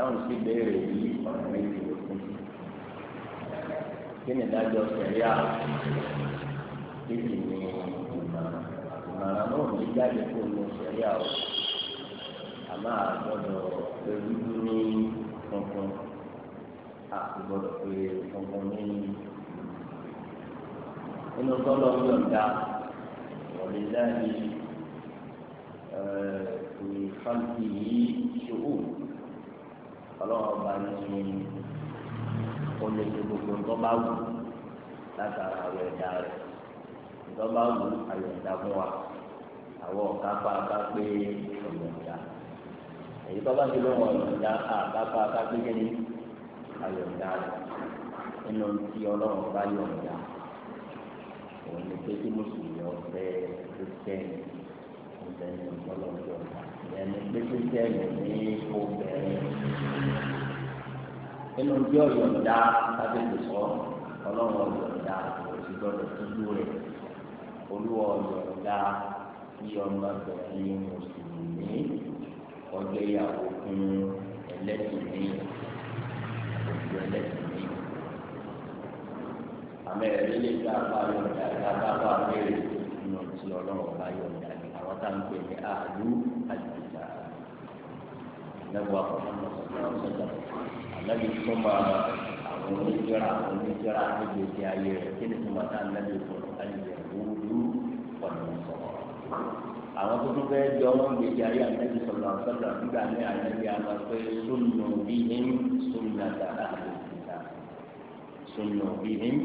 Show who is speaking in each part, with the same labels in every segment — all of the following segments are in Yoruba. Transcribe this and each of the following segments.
Speaker 1: ìdáhùn sí ìbéèrè yìí ọ̀nà méjì ló kún kí ni ìdájọ́ sẹ̀ríà kí sì ni ìmọ̀ràn ìmọ̀ràn náà ní jáde kó nu sẹ̀ríà o àmọ́ àgbọ̀dọ̀ ewu ní funfun àgbọ̀dọ̀ pé funfun ní inú tọ́lọ́ yọ̀ǹda wọ̀lé láàyè ẹ̀ẹ́dì fáńtì yìí ṣòwò ọlọ́run ọba ní olóṣèlú gbogbo tó bá wù látara àwọn ẹ̀dá rẹ̀ tó bá wù àwọn ẹ̀dá fún wa àwọn ọ̀kápá bá pé ọ̀nà ìdá èyí tó bá ti lọ́wọ́ ọ̀nà ìdá àkápá bá pé kí ni àwọn ẹ̀dá rẹ̀ nínú tí ọlọ́run bá yọ̀ ọ̀dà òun ni pé kí mùsùlùmí ọ̀fẹ́ kristẹni ọ̀fẹ́ ní ọlọ́run yọ̀ ọ̀dà ìyẹn ni pé ní obìnrin nínú bí ọ̀yọ̀ dá sábẹ́lì sọ ọlọ́run ọ̀yọ̀ dá òsì gbọ́dọ̀ tójú rẹ̀ olúwa ọ̀yọ̀ dá bí ọmọ bẹ̀rẹ̀ mùsùlùmí ọjọ́ ìyàwó fún ẹlẹ́sìn ní òjò ẹlẹ́sìn ní. àmọ́ ẹ̀rí lè gbà bá yọ̀ǹda ìgbà bá bá béèrè nínú ti ọlọ́run ọba yọ̀ǹda ni àwọn táwọn pè ní àlù àjù lẹ́wọ̀ ànábi tó máa àwọn oníjọ́ra àwọn oníjọ́ra níbi ìdí ayé rẹ̀ kí ni tó máa tá ànábi fún àlejò ìwúlú pọ̀lú sọ̀rọ̀. àwọn tó tún fẹ́ẹ́ jọ wọn gbé ìdí ayé ànábi sọ̀rọ̀ sọ̀rọ̀ nígbà ní ànábi àmọ́ pé sónù bí him sónù àgbà àlè ìta sónù bí him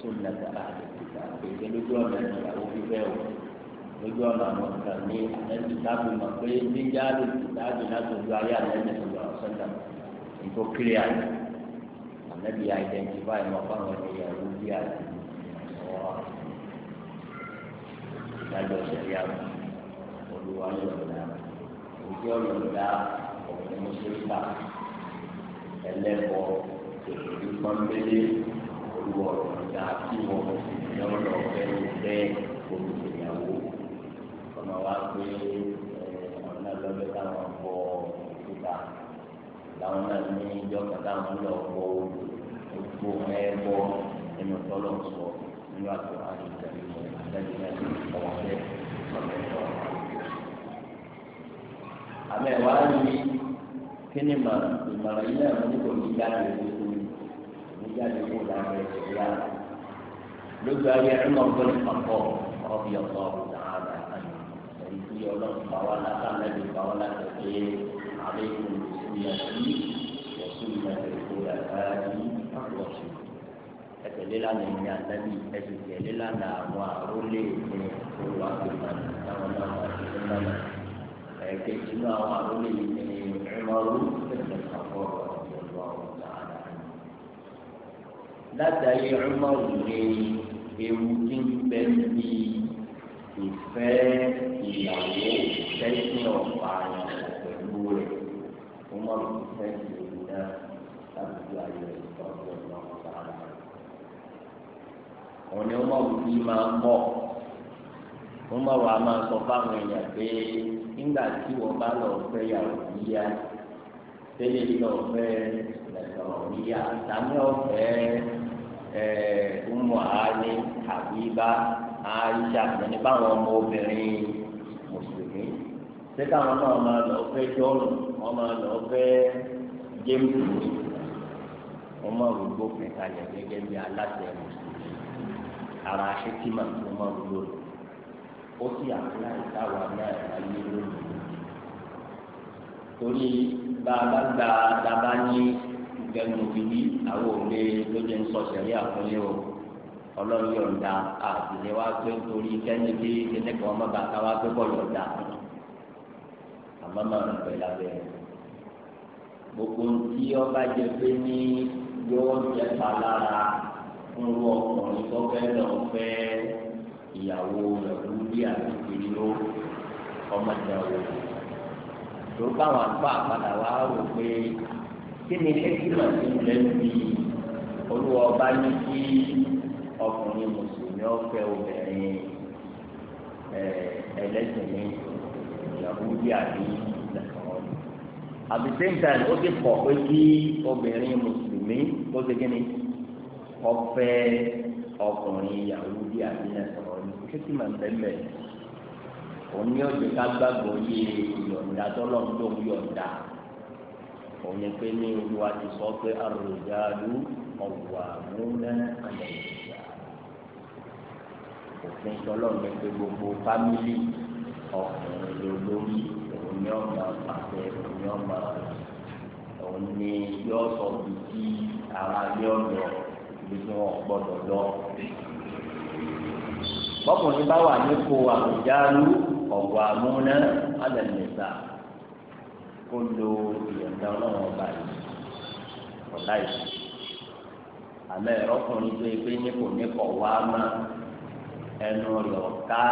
Speaker 1: sónù àgbà àlè ìta èdè lójú ọ̀nà ìyàwó fífẹ́ òun lójú ọ̀nà àwọn kan ní àtẹ́tù tábìlì mọ̀ pé níjà lè ti tábìlì láti ojú ayé àtẹ́tù tó lọ sọ́jà nǹkó kiri àná ànábì àìdẹ́ntifáì wọn fáwọn ènìyàn ló bí àti ọ̀rọ̀ ìdájọ́ ìṣẹ̀lẹ̀ àwọn olúwa yọ̀ọ̀dá òjì ọ̀yọ̀dá ọ̀rọ̀ mùsùlùmá ẹlẹ́bọ̀ èyí pọ́nbélé olúwa ọ̀rọ̀dá tí wọ́n lọ́ọ́ mọ̀ wá pé eh, ọ̀nà lọ́dọ̀ táwọn bọ̀ òkúta làwọn náà ní ìjọba táwọn lọ bọ̀ òkú ẹ̀bọ ẹnu tọ́lọ̀ sọ nínú àti àti ìtẹ̀lé àtẹ̀lé náà ní ọ̀wọ́ fẹ́ ọ̀nà ẹ̀kọ́. àmọ́ ẹ̀wá ni kí ni màá ìmọ̀ràn yìí náà ní kò ní jáde lóko ní jáde lóko lábẹ́ ìlànà lójú ayé ẹ̀rọ náà gbọ́dọ̀ pàpọ̀ ọ̀bí ọ̀tọ̀ bí ọlọ́run bá wà látà lẹ́bi bá wà látà pé àlékún ìsúnyàtì ìsúnyàtì ìkórè àgbáyé ọ̀sùn. ẹ̀tẹ̀lé lánàá ìyá àtẹ́bí ẹ̀sìn tẹ̀lé lánàá àwọn àrólé ìpín olùwàgbìmọ̀ táwọn náà wà sí fún lánàá. ẹ̀ẹ́dẹ̀ sínú àwọn àrólé ìpín ìmọ̀rú ẹ̀sìn àkọ́kọ́ ọ̀dọ̀ ọ̀dọ̀ látàrí ọmọ òun ni ewu ti ń bẹ níbi ìfẹ́ ìyàwó tẹ́sí ọ̀pá àyàn pẹ̀lú rẹ̀ ó má lọ sí fẹ́ǹsì òun náà láti fi ayé rẹ̀ tọ́jú ọ̀nà ọ̀pá ara rẹ̀. òun ni ó má wù bí máa ń bọ̀ ó má wà á máa sọ fáwọn èèyàn pé nígbà tí wọ́n bá lọ fẹ́ yàwó yíyá tẹ́lẹ̀ lọ fẹ́ lẹ́tọ̀ọ̀ yíyá tàbí ọ̀fẹ́ àbíbá àìsà ẹni báwọn ọmọ obìnrin mùsùlùmí ṣé káwọn náà máa lọ fẹ́ jọ́ọ̀nù wọ́n máa lọ fẹ́ jéèmù wọ́n máa rò gbófin kalẹ̀ gẹ́gẹ́ bí aláṣẹ mùsùlùmí ara ṣẹ́kímà tó máa rò lónìí ó sì àfúláì táwa náà ayé lónìí torí bàbá gba dábàá ní gbẹmú bíbí àwọn òde ló ń sọ sẹ́rí àkúnlé o ọlọ́run yọ̀ǹda àtìlẹ́ wa pé nítorí kẹ́ni bí kíní kan ọmọ bàtà wa pé kọ́ yọ̀ǹda àmọ́ máa ń pè lábẹ́ gbogbo ntí ọba jẹ pé ní yóò jẹ palára fún ọkùnrin tó fẹ́ lọ fẹ́ ìyàwó rẹ̀ lórí àtìkiri ló ọmọ ìyàwó rẹ̀ tó báwọn àgbà padà wá rò pé kí ni kẹ́kí màá lẹ́nu bí olúwa ọba ní kí ọkùnrin mùsùlùmí ọ̀fẹ́ obìnrin ẹlẹ́sìn ní yahudi àbí nàkàwọn. àbí same time ó ti kọ̀ pé kí obìnrin mùsùlùmí ó ti gíní ọ̀fẹ́ ọkùnrin yahudi àbí nàkàwọn. kí sì máa ń bẹ́ẹ̀ òní ọ̀jẹ̀ ká gbàgbọ́ yé ìyọ̀ǹda tọ́lọ́ ń dóhùn yọ̀ǹda òní pé ní olúwa sọ pé àròjà lù ọ̀wà múná àlẹ́ yìí òfin tọ́lọ́mọ ẹgbẹ́ gbogbo fámìlì ọkùnrin lólórí òun ní ọmọ pàṣẹ òun ní ọmọ òun ní yọ sọ bí kí ara ní ọ̀dọ̀ ibi tí wọ́n gbọ́dọ̀ lọ. bọ́kùnrin bá wà nípò àwùjárú ọ̀gbọ̀ àmúná alẹ́nìta kó lo ìyọ̀ǹda ọlọ́run ọba yìí ọ̀la yìí àmọ́ ọkùnrin tó yẹ pé nípò nípò wá máa ẹnu rẹ̀ ọ̀ká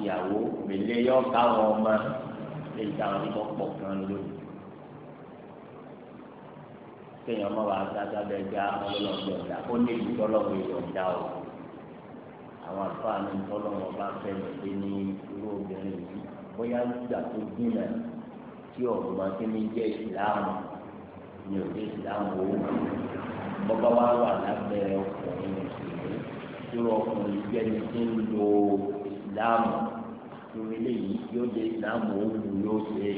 Speaker 1: ìyàwó mẹ́lẹ́ yọ ọ̀ká wọn ọmọ lè ta àwọn ìbọn pọ̀ kan lónìí. kéèyàn má wàá sáta bẹ́ẹ̀ gbá ọlọ́ọ̀dọ̀ ọ̀dà ó ní ìlú tọ́lọ́wọ́ ọ̀dà o àwọn àfáà ní tọ́lọ́wọ́ bá fẹ́ lè ní irú obìnrin yìí bóyá gbà tó gbìnà tí ọ̀gbọ́n tí mi jẹ́ ìsìláàmù ni ò ìsìláàmù owó bọ́bá wá wà lábẹ́ ọkùnrin irú ọkùnrin yìí ẹni tí ń lo ìsìláàmù irú eléyìí yóò dé ìsìláàmù òun yóò ṣe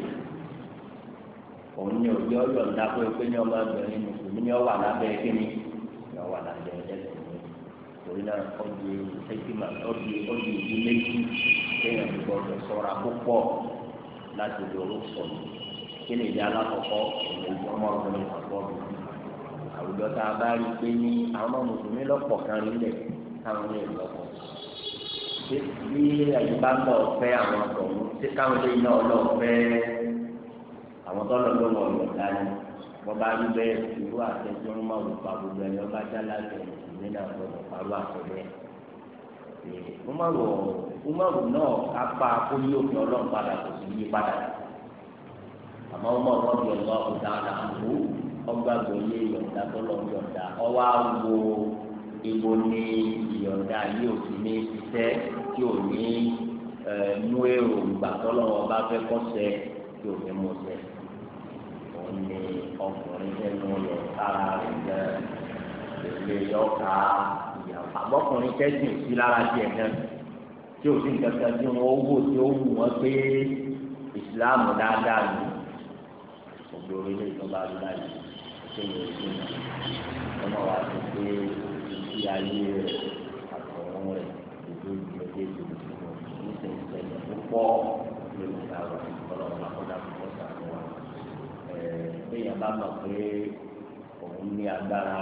Speaker 1: òun ni òjò yọ̀ǹda pé pé ní ọmọbìnrin mùsùlùmí ni ó wà lábẹ́ kíni ni ó wà lábẹ́ ẹlẹ́sìn torí náà ọdún ẹgbẹ́mà ọdún ọdún ìdí méjì kéèyàn gbọdọ̀ sọ̀rọ̀ àkópọ̀ láti lóru sọ̀rọ̀ kí ni ìdí alákọ̀ọ́kọ́ ìlú ìjọba ọdún ìpàgọ́ mi àwùjọ tá a bá rí i pé ní àwọn mùsùlùmí lọ́pọ̀ kan rí lẹ̀ káwọn lè lọ́wọ́ ṣé bí ẹ̀yin bá lọ fẹ́ àwọn ọ̀tọ̀ọ̀mù ṣé káwọn lè náà lọ fẹ́ àwọn tọ́lọ̀ ló wọ̀ lọ dání wọ́n bá ń bẹ irú àtẹ̀jọ́ ń máa wò pa gbogbo ẹni ọba já láti ẹ̀yìn nínú àwọn ọ̀dọ̀ parọ́ àtẹ̀jọ́ wọ́n máa wọ̀ wọ́n máa wò náà apá akóyí òfin ọlọ́run padà kò sí yí padà àmọ́ wọ́n máa wọ́n bí ọ̀gá ọ̀gá àbú ọgbàgbọ́ yé ìyọ̀ǹda tọ́lọ́ ìyọ̀ǹda ọwọ́ àwọ̀ ibo ni ìyọ̀ǹda yìí ò fi ní ṣiṣẹ́ tí ò ní mú èròǹgbà tọ́lọ́wọ́ bá fẹ́ kọ́sẹ̀ tí ò ní mú ṣẹ. òun ni ọkùnrin tẹnu lọ sára rẹ̀ jẹ́ èlé yọ̀ọ̀ká ìyàwó. àbọ̀kùnrin tẹ́sìn sí lára tiẹ̀ náà tí ò sí nǹkan kan tí wọ́n wò tí ó wù wọ́n pé ìsìláàmù dáadáa ni ògbóró ilé ìjọba àdúrà yìí ṣé ìrètí náà ọmọ wa ti pé ìgbésí ayé rẹ̀ àtọ̀rọ̀ rẹ̀ gbogbo ìgbésí ayé ní sẹ̀nsẹ̀lẹ̀ púpọ̀ lórí ìdáwọ̀ ọlọ́run akọ́dà púpọ̀ sàánú wa. Béèyàn bá mọ̀ pé òun ní agbára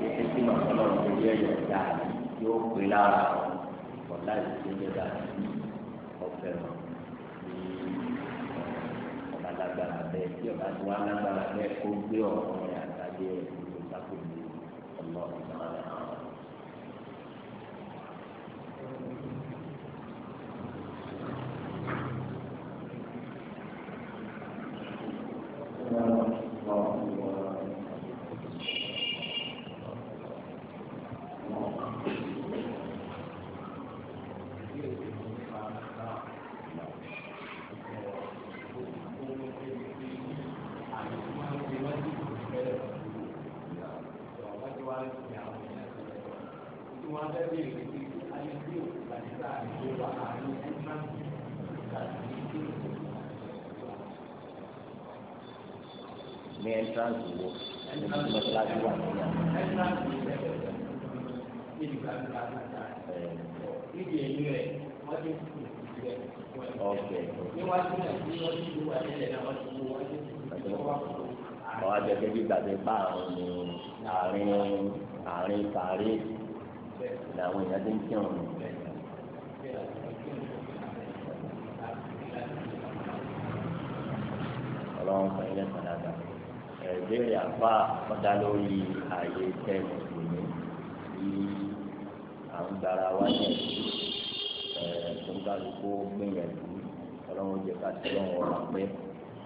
Speaker 1: rẹ̀ títí tí màmá ọlọ́run tó yẹ yẹ̀ dáàbí yóò pè lára ọ̀la ìdílé dáàbí ọ̀fẹ́ wọn ní ọ̀la lágbára bẹ́ẹ̀ tí ọ̀la tó wá lágbára bẹ́ẹ̀ kó gbé ọ̀rọ̀ rẹ̀ àtàgé rẹ̀. y ọ̀ adẹ́gẹ́ bí gbàgbé bá àwọn ní àárín àárín parí làwọn èèyàn ti ń kírun. ọlọ́run kan ilé kan ẹ̀ẹ́dẹ́rẹ́ àfa ọ̀dà lórí ààyè tẹ́ mùsùlùmí à ń dára wá ní ẹ̀ tó ń dájú kó gbìyànjú ọlọ́run jẹ ká tí wọ́n wọ́n pé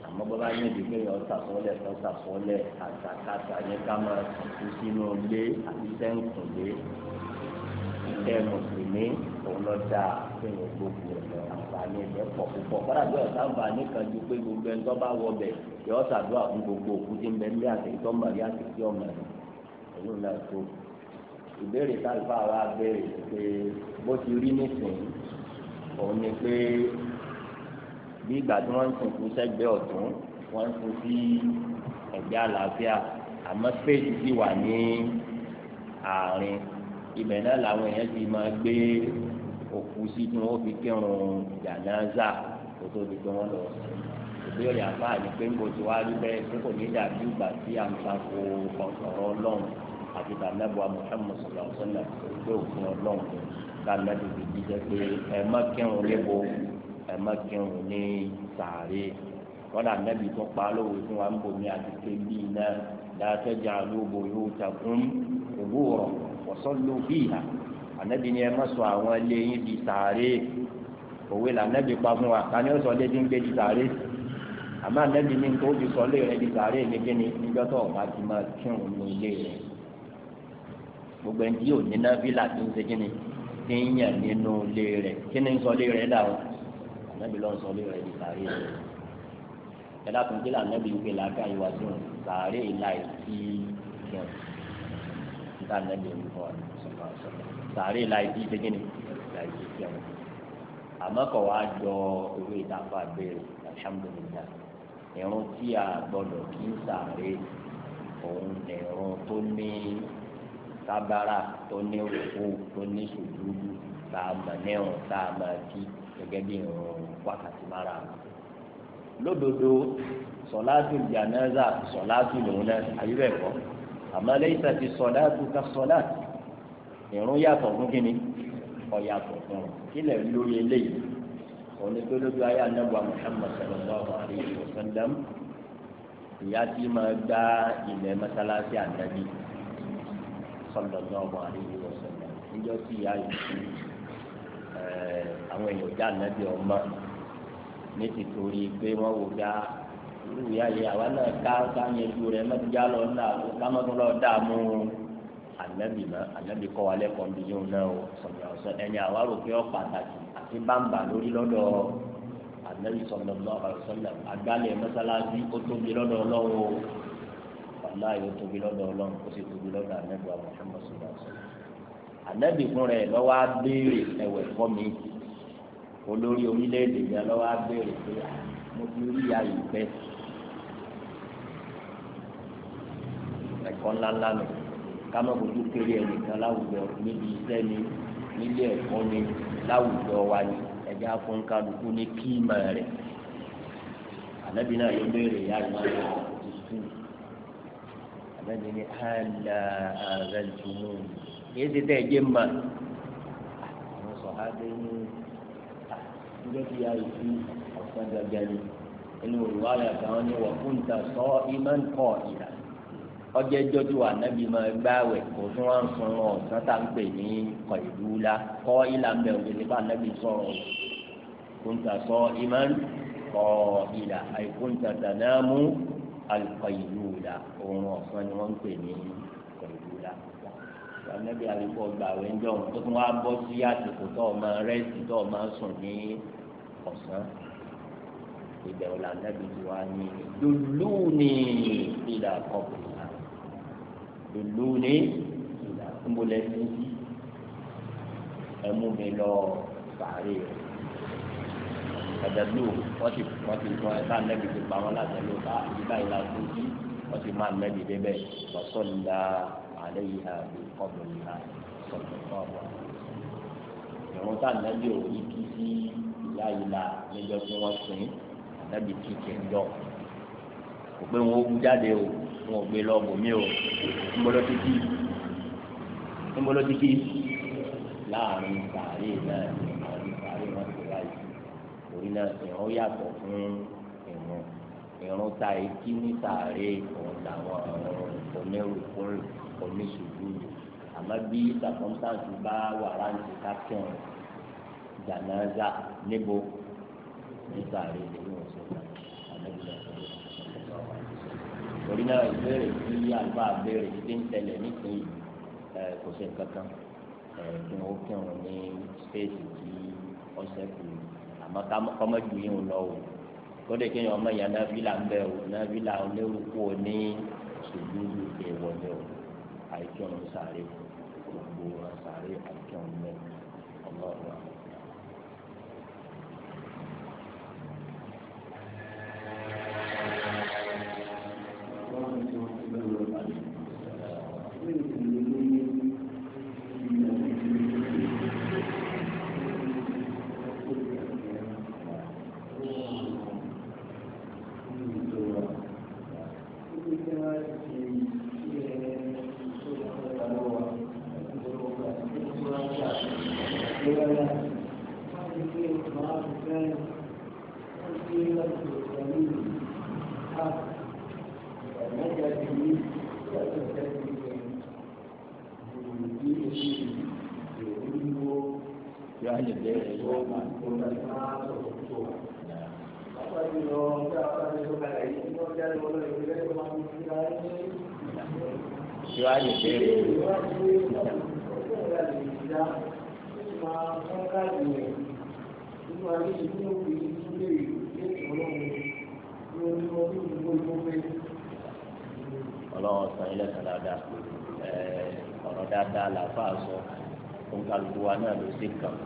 Speaker 1: àmọ́ bọ́lá níbi gbìyànjú ọ̀sàkọ́lẹ̀ ọ̀sàkọ́lẹ̀ àtàkàtà ní ká máa tù sínú ilé àti sẹ́ǹkùnlé ìtẹ́ mùsùlùmí òun lọ da fún gbogbo ẹ̀ àǹfààní ẹ̀ pọ̀ púpọ̀ kọ́dà bí ọ̀sán àǹfààní kan ju pé gbogbo ẹni tó bá wọ bẹ̀ yọ ọ́ sàdúrà fún gbogbo òkú tí ń bẹ ní àtẹ̀yìn mọ̀ rí àtẹ̀yìn mọ̀ rí èyí náà tó ìbéèrè sálùfà wa béèrè pé bó ti rí nísìnyí òun ni pé bí ìgbà tí wọ́n ń sìnkú sẹ́gbẹ́ ọ̀tún wọ́n ń sìn sí ẹ̀gbẹ́ àlàáfíà àmọ́ spéèsì sì wà ní àárín ibẹ̀ náà làwọn èèyàn ti máa gbé òkú sí tí wọ́n fi kírun jànáza tó di pé wọ́n lọ ìbéèrè àbáà ni pé ń bò tí wàá rí bẹ́ẹ̀ pé kò ní dàbí ìgbà tí à ń ta ko ọlọ́run àti tànàbọ̀ Muhammad sallallahu alaihi wasallam pé òfin ọlọ́run tànàbí fi jíjẹ pé ẹ má kírun lébo ẹ má kírun ní sàárè kọ́dà nàbì tó pa lówó fún wa ń bomi àti kébì náà látọ̀jà lóbo yóò takùn òbú rọ̀ wọ́sọ́lù bíyà ànábì ni ẹ má sọ àwọn ilé yín di sàárè òwe là ànábì pa fún wa ká ní ó lé dín gbé di sàárè àmọ́ ànábì ní nǹkan ó fi sọ lé rẹ di sàárè ní kíni níjọ́ tó ọ̀gá ti máa gbogbo ẹni tí yóò ní náfìlà tó ń ṣe kí ni kí ń yàn nínú ilé rẹ̀ kí ni ń sọ ilé rẹ̀ dà o ànábì ló ń sọ ilé rẹ̀ di sàárè rẹ̀ ẹ̀dá tó ń kí lànàbì ń pè lága ìwà tó ń sàárè láì sí yàn níta ànábì ń fọ sàárè láì sí ṣe kí ni láì sí yàn àmọ́ kọ̀ wá jọ owó ìtàkùn àgbèrè alhamdulilayi ìrún tí a gbọdọ̀ kí sàárè òun ẹ̀rọ tó ní kábàárà tó ní òkú tó ní sùdúrú tá a mọ̀ ní ọ̀hún tá a máa kí gẹ́gẹ́ bí ìrun wákàtí mara. lódodo sọ̀láàtù jánásà sọ̀láàtù lòun náà ayúbẹ̀ kọ́ àmọ́ lẹ́yìn tàbí sọ̀láàtù ká sọ̀láàtù ìrun yàtọ̀ fún kínní ọ̀yàtọ̀ fún un kílẹ̀ lórí eléyìí òní pé lójú ayé anábọ̀ Muhammad sallallahu alayhi wa sallam ìyá tí máa gbá ilẹ̀ mọ́sálásí ànábì. sallallahu alaihi wasallam níjọ́ tí ìyá yìí ti eh, àwọn èèyàn já nàbí ọmọ ní ti pé wọ́n wò dá ah, irú àwa náà ká ká ju lọ ńlá dààmú anabi ma anabi yóò náà o ọ pàtàkì àti lórí anabi wàláyé ó tóbi lọ́dọ̀ ọlọ́run ó sì tóbi lọ́dọ̀ anẹ́gbà Muhammad sallallahu alaihi wasallam anẹ́bí fún rẹ̀ lọ́wọ́ á béèrè ẹ̀wẹ̀ fọ́ mi olórí orílẹ̀-èdè yẹn lọ́wọ́ á béèrè pé ah, mo ti rí ìyá yìí pẹ́ ẹ̀kọ́ ńláńlá nù kámọ́ kojú kéré ẹnìkan láwùjọ níbi iṣẹ́ ni nílé ẹ̀kọ́ ni láwùjọ wa ni ẹ̀já fún kálukú ní kíìmọ̀ rẹ̀ anẹ́bí náà ló béèrè ìyá yìí lẹ́nu ní àlà ààrẹ jùmọ̀ yìí ti tẹ̀ jẹ́ mà àwọn sọ̀hábẹ́ ní ọjọ́ tí a yìí fi ọ̀sán gàgà ni inú olùwàlẹ̀ àtàwọn ní wọ́n fún ta sọ imán kọ́ ìlà ọjọ́ ẹjọ́ tí wà nábì máa gbáwẹ̀ kò tún wá ń ọ̀sán tá à ń pè ní kọ̀ kọ́ ìlà ń bẹ̀ òde nípa nábì sọ̀rọ̀ fún ta sọ imán kọ́ ìlà alùpàyìlúùdà òun ọ̀sán ni wọ́n ń pè ní pàyìlúùdà. Ànábì àlùkò gbà wẹ́ ńjọ́ òun tó tún wá bọ́ sí àsìkò tó o máa rẹ́sì tó o máa sùn ní ọ̀sán. Ìbẹ̀wò làǹdàbí ti wá ní lulú ní ìlà kọ̀ọ̀kùnà. Lulú ní ìlà kúmọ̀lẹ́sí ẹ̀mú mi lọ sàárè rẹ̀ àjálù wọ́n ti wọ́n ti tún ẹ̀ka nẹ́bi ti pa wọn lájálù ká ìgbà ìlà tó jí wọ́n ti máa nẹ́bi débẹ̀ wọ́sọ̀lá alẹ́ yìí ha bí kọ́bù yìí ha sọ̀tọ̀ kọ́bù. ìrún tá nẹ́bi ò rí kí sí ìyá ìlà níjọ́ tí wọ́n sìn nẹ́bi kí kì í jọ. kò pé wọn ó kú jáde o wọn ò gbé lọ bò o ńbọlọ ti kí ńbọlọ ti kí láàrin sàárè náà torí náà ìrún yàtọ̀ fún ìrún ìrún ta èkí ní sàárè òun làwọn ọ̀run onírúurú oníṣubú àmọ́ bí sàkóńtàǹtì bá wà láǹtì kákẹ́hìn jànáza níbo ní sàárè nínú ọ̀sẹ̀ náà ànágbèrè ọ̀sẹ̀ torí náà ìbéèrè tí àlùfà béèrè ti ń tẹ̀lé nísìnyí kò sí nǹkan kan kí wọ́n kí wọ́n ní spéèsì tí ọ̀sẹ̀ kù ní àmọ́ kọ́mọ́jú yín ò lọ o ó lè kéèyàn ọmọ yẹn náfìlà ń bẹ o náfìlà onírúkú o ní sùdúrù èèwọ̀ ni o àìkí ọ̀run sàárè gbogbo ọ̀run sàárè àìkí ọ̀run mẹ́rin ọlọ́run 嘛，我们他做不做？所以说，这样子说来，应该在我们这边的话，应该。喜欢你这里。喜欢你，我在你家，妈，我看你，你把你一路回出去，别走路，我我我我我我。ọlọ́wọ́ san ilẹ̀ kan dáadáa ọ̀rọ̀ dáadáa làfáà sọ òǹkàlùkù wa náà ló sì kàn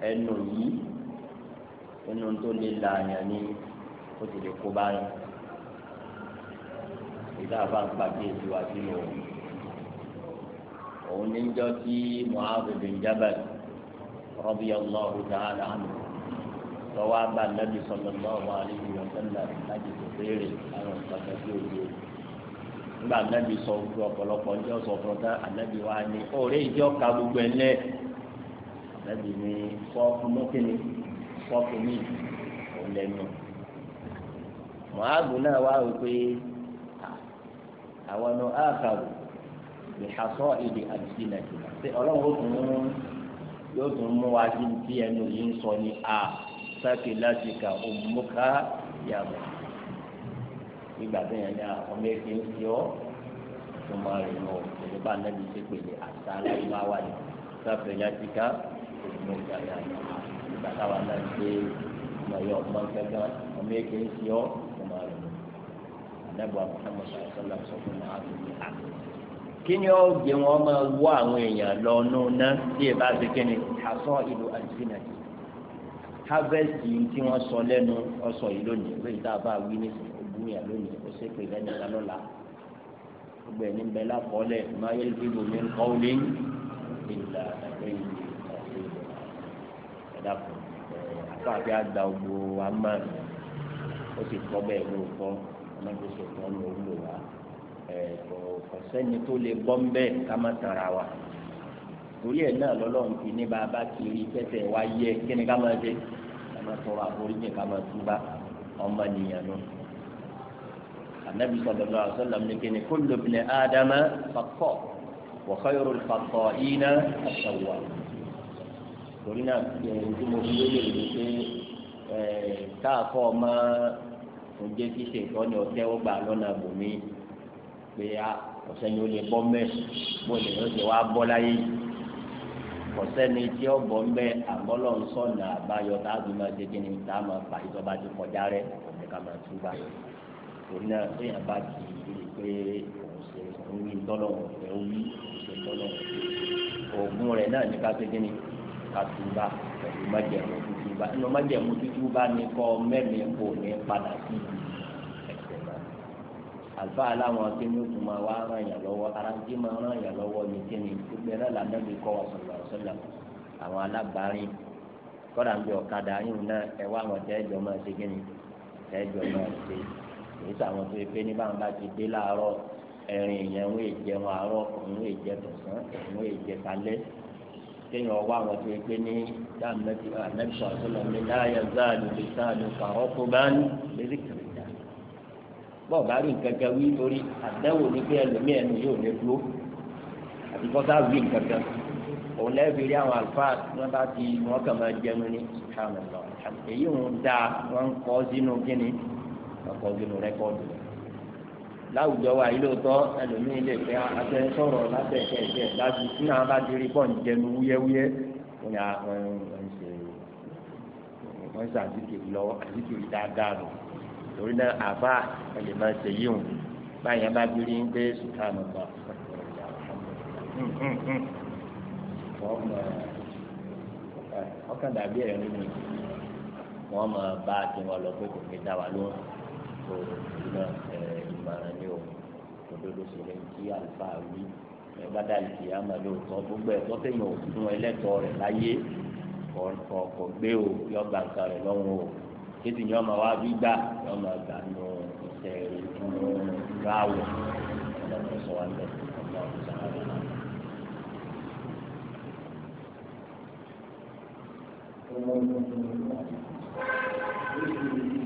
Speaker 1: ẹnu yìí ẹnu tó lè la àyàn ní ó ti lè kó báyìí ìdá àbá ń pàdé ìdíwà sínú òun òun ní jọ sí Mu'adh bin Jabal radiyallahu ta'ala anhu lọ́wọ́ abá nàbì sallallahu alaihi wa sallam láti tó béèrè àwọn ìpàdé tí ó lè nígbà nàbì sọ ọ̀pọ̀lọpọ̀ ọjọ́ sọ fún ọ̀tá ànàbì wa ni ọ̀rẹ́ ìjọ ka gbogbo ẹ̀ lẹ́ẹ̀ lẹbi ní sọọkù mọkìnì sọọkù mi òun lẹnu mọ̀hágùn náà wá wí pé àwọn ọ̀nà àkàrò ìhàsọ́ èdè àdìsí nàìjíríà ṣé ọlọ́run ó tún yóò tún mú wa sí ti ẹnu yìí ń sọ ní a sákè láti ka òmùká yàgò nígbà tó yẹn ní ọmọ ẹgbẹ́ ń fi ọ́ tó máa rìn lọ ìjọba náà ti pèlè àṣà aláìláwá yìí sákè láti ka ní ìgbà náà ìgbà táwa náà ṣe ọmọ yọ ọmọ gángan ọmọ èké ń ṣe ọ ọmọ rẹ mọ anábọ àbúkámọ sàlọsọlá sọ fún màá fi ní àná. kí ni ó gbé wọn máa wọ àwọn èèyàn lọ nù ná bí ẹ bá ṣe kíni àsọ ìlú àdìsínà yìí harvest yìí tí wọn sọ lẹ́nu ọsọ yìí lónìí ìwé ìta bá wí ní ogúnyà lónìí ó ṣe pé lẹ́nu lọ́la gbogbo ẹni bẹ lákọọlẹ máa yẹ kí kọ́ ọ́ lẹ́yìn. dàpọ̀ àpá àti àgbà ògbó amán ó sì kọ́ bẹ́ẹ̀ lóòótọ́ ọmọdéṣe kan ló ń lò wá kò sẹ́ni tó lè bọ́ mbẹ́ ká má tara wa torí ẹ̀ náà lọ́lọ́run fi ní bàbá kiri tẹ́tẹ̀ wá yẹ kí ni ká má dé ká má tọrọ àforíjì ká má túbá ọmọ nìyẹn nù. النبي صلى الله عليه وسلم لكن كل ابن آدم خطاء وخير الخطائين التوابون torí náà tí mo fi lóye rè pé káàkọ́ ọmọ ń jẹ́ kí ṣètò ni ọ̀tẹ́ ó gbà lọ́nà bòmí pé ah, ọ̀sẹ́ni ó lè bọ́ mbẹ́ bó lè lọ́sẹ̀ wá bọ́ láyé ọ̀sẹ́ni tí ó bọ́ mbẹ́ àbọ́lọ̀ ń sọ̀nà àbáyọ táàbí máa ṣe kí ni tá a máa fà ìjọba ti kọjá rẹ ọ̀sẹ̀ ká máa túbà torí náà téèyàn bá ti rí i pé òun ṣe òun tọ́lọ̀ ọ̀fẹ́ òun ní òun tọ́lọ̀ ọ̀fẹ́ òògùn rẹ̀ náà ní ká ṣe kí ni ká túbà pẹ̀lú májẹ̀mú tútù bá nínú májẹ̀mú tútù bá ní kọ́ mẹ́mi kò ní padà sí ẹ̀sẹ̀ náà. àlùfà aláwọn tí ní kùmà wá ràn yàn lọ́wọ́ ara ń jí máa ràn yàn lọ́wọ́ ní kíni gbogbo ẹ̀rọ lànà mi kọ́ ọ̀sọ̀lọ̀ ọ̀sọ̀lọ̀ àwọn alábàárín kọ́dà ń bí ọ̀kadà yìí náà ẹ̀ wá àwọn tẹ́ẹ̀jọ́ máa ṣe kíni tẹ́ẹ̀jọ́ máa ṣe èyí sàwọn tó pé ní báwọn ti dé láàárọ̀ ẹ̀rìn ìyẹn ń wé jẹun àárọ̀ òun wé jẹ tọ̀sán òun wé kéèyàn wá àwọn tó yẹ pé ní dáàmẹ́tì àmẹ́tìsọ̀ àtọ́lọ́ mi láàyè záàlù lè sáàlù kàrọ́ kó bá ní lérí kìrìtà. bọ́ọ̀ bá rí nǹkan kan wí torí àdánwò ní pé ẹlòmí ẹnu yóò lè dúró àti kọ́ sáà wí nǹkan kan. òun lẹ́ẹ̀fi rí àwọn àlùfáà wọn bá ti wọn kàn máa jẹun ní ìhàmùlọ. èyí ń da wọn kọ́ sínú kíni wọn kọ́ sínú rẹ́kọ́ọ̀dù láwùjọ wa yìí lóòótọ́ ẹlòmíín lè fẹ́ afẹ́ sọ̀rọ̀ látẹ̀kẹ́ ẹ̀jẹ̀ láti tí náà bá ti rí bọ́ọ̀n jẹnu wúyẹ́wúyẹ́ wọ́n yà wọ́n ṣe wọ́n ṣe àzíkiri lọ́wọ́ àzíkiri dáadáa nù torí náà àbá ẹ̀lẹ́ máa ṣe yí òun báyẹn bá bí rí ń gbé sùkánù bá ọkàn dàbí ẹ̀rín ni wọ́n máa bá tiwọn lọ pé kò ní dá lóhùn tó ìmọ̀ràn òdodo sì lè kí àlùfáà wí ẹgbẹ́ dàlí kì í lóòótọ́ gbogbo ẹ̀tọ́ téèyàn ò fún ẹlẹ́tọ̀ọ́ rẹ̀ láyé kọ̀ gbé o yọ gba rẹ̀ lọ́wọ́ o kéde ni wọ́n máa bí gbà wọ́n máa gbà nù ìṣe ìdùnnú ìlú àwọ̀ ọlọ́run sọ wá lẹ̀ ọlọ́run sọ wá lẹ̀. Thank you.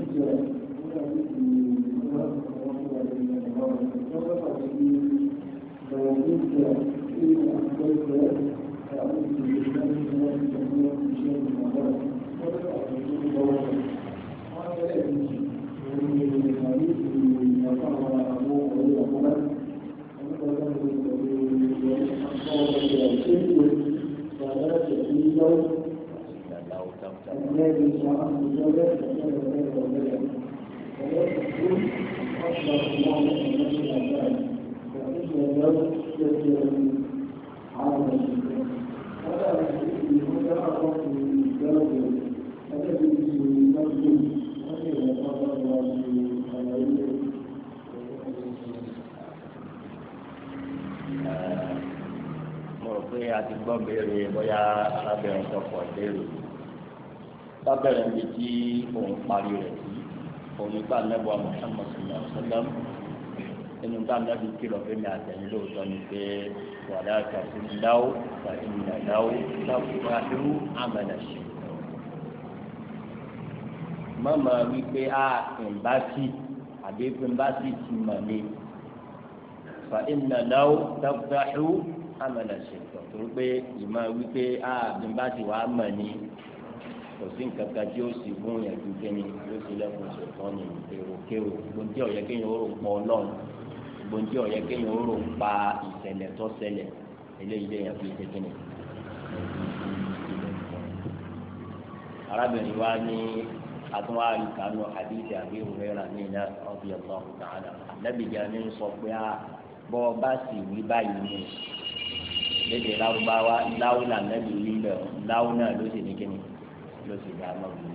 Speaker 1: bẹ̀rẹ̀ níbi tí òun parí rẹ̀ sí òun bá nẹ́bọ̀ Muhammad sallallahu alaihi wasallam inú bá nẹ́bí kìlọ̀ fún mi àtẹ̀yìn lóòótọ́ ni pé wàdà kàfí dáwó kàfí dáwó láwùjọ irú àmàlà ṣe. mọ́mọ́ wípé a ìmbásí àbí ìmbásí ti mọ̀ mi fa ìnà dáwó láwùjọ irú àmàlà ṣe. torí pé ìmọ̀ wípé a ìmbásí wàá mọ̀ ni kò sí nǹkan kan tí ó sì fún yẹn ju kéne ló sì lẹ́kùn sọ̀tọ́ ní èròkérò gbòǹtì ọ̀yẹ́ kéèyàn ó rò ń pa ọlọ́run gbòǹtì ọ̀yẹ́ kéèyàn ó rò ń pa ìṣẹ̀lẹ̀ tó ṣẹlẹ̀ eléyìí lẹ́yìn àfi ṣe kéne. arábìnrin wa ní àtúnwá ìkànnì àdìsí àbí òwúrẹ́ra ní iná ọ̀bí ọ̀gbọ́n ọ̀gbọ́n àná ànábìjà ní sọ pé a ah, bọ́ bá sì wí báyìí ní lédè láwùlà nẹ́bí wí bẹ́ẹ̀ láwùlà ló sì ní kíni yóò sì dá mọ́ bí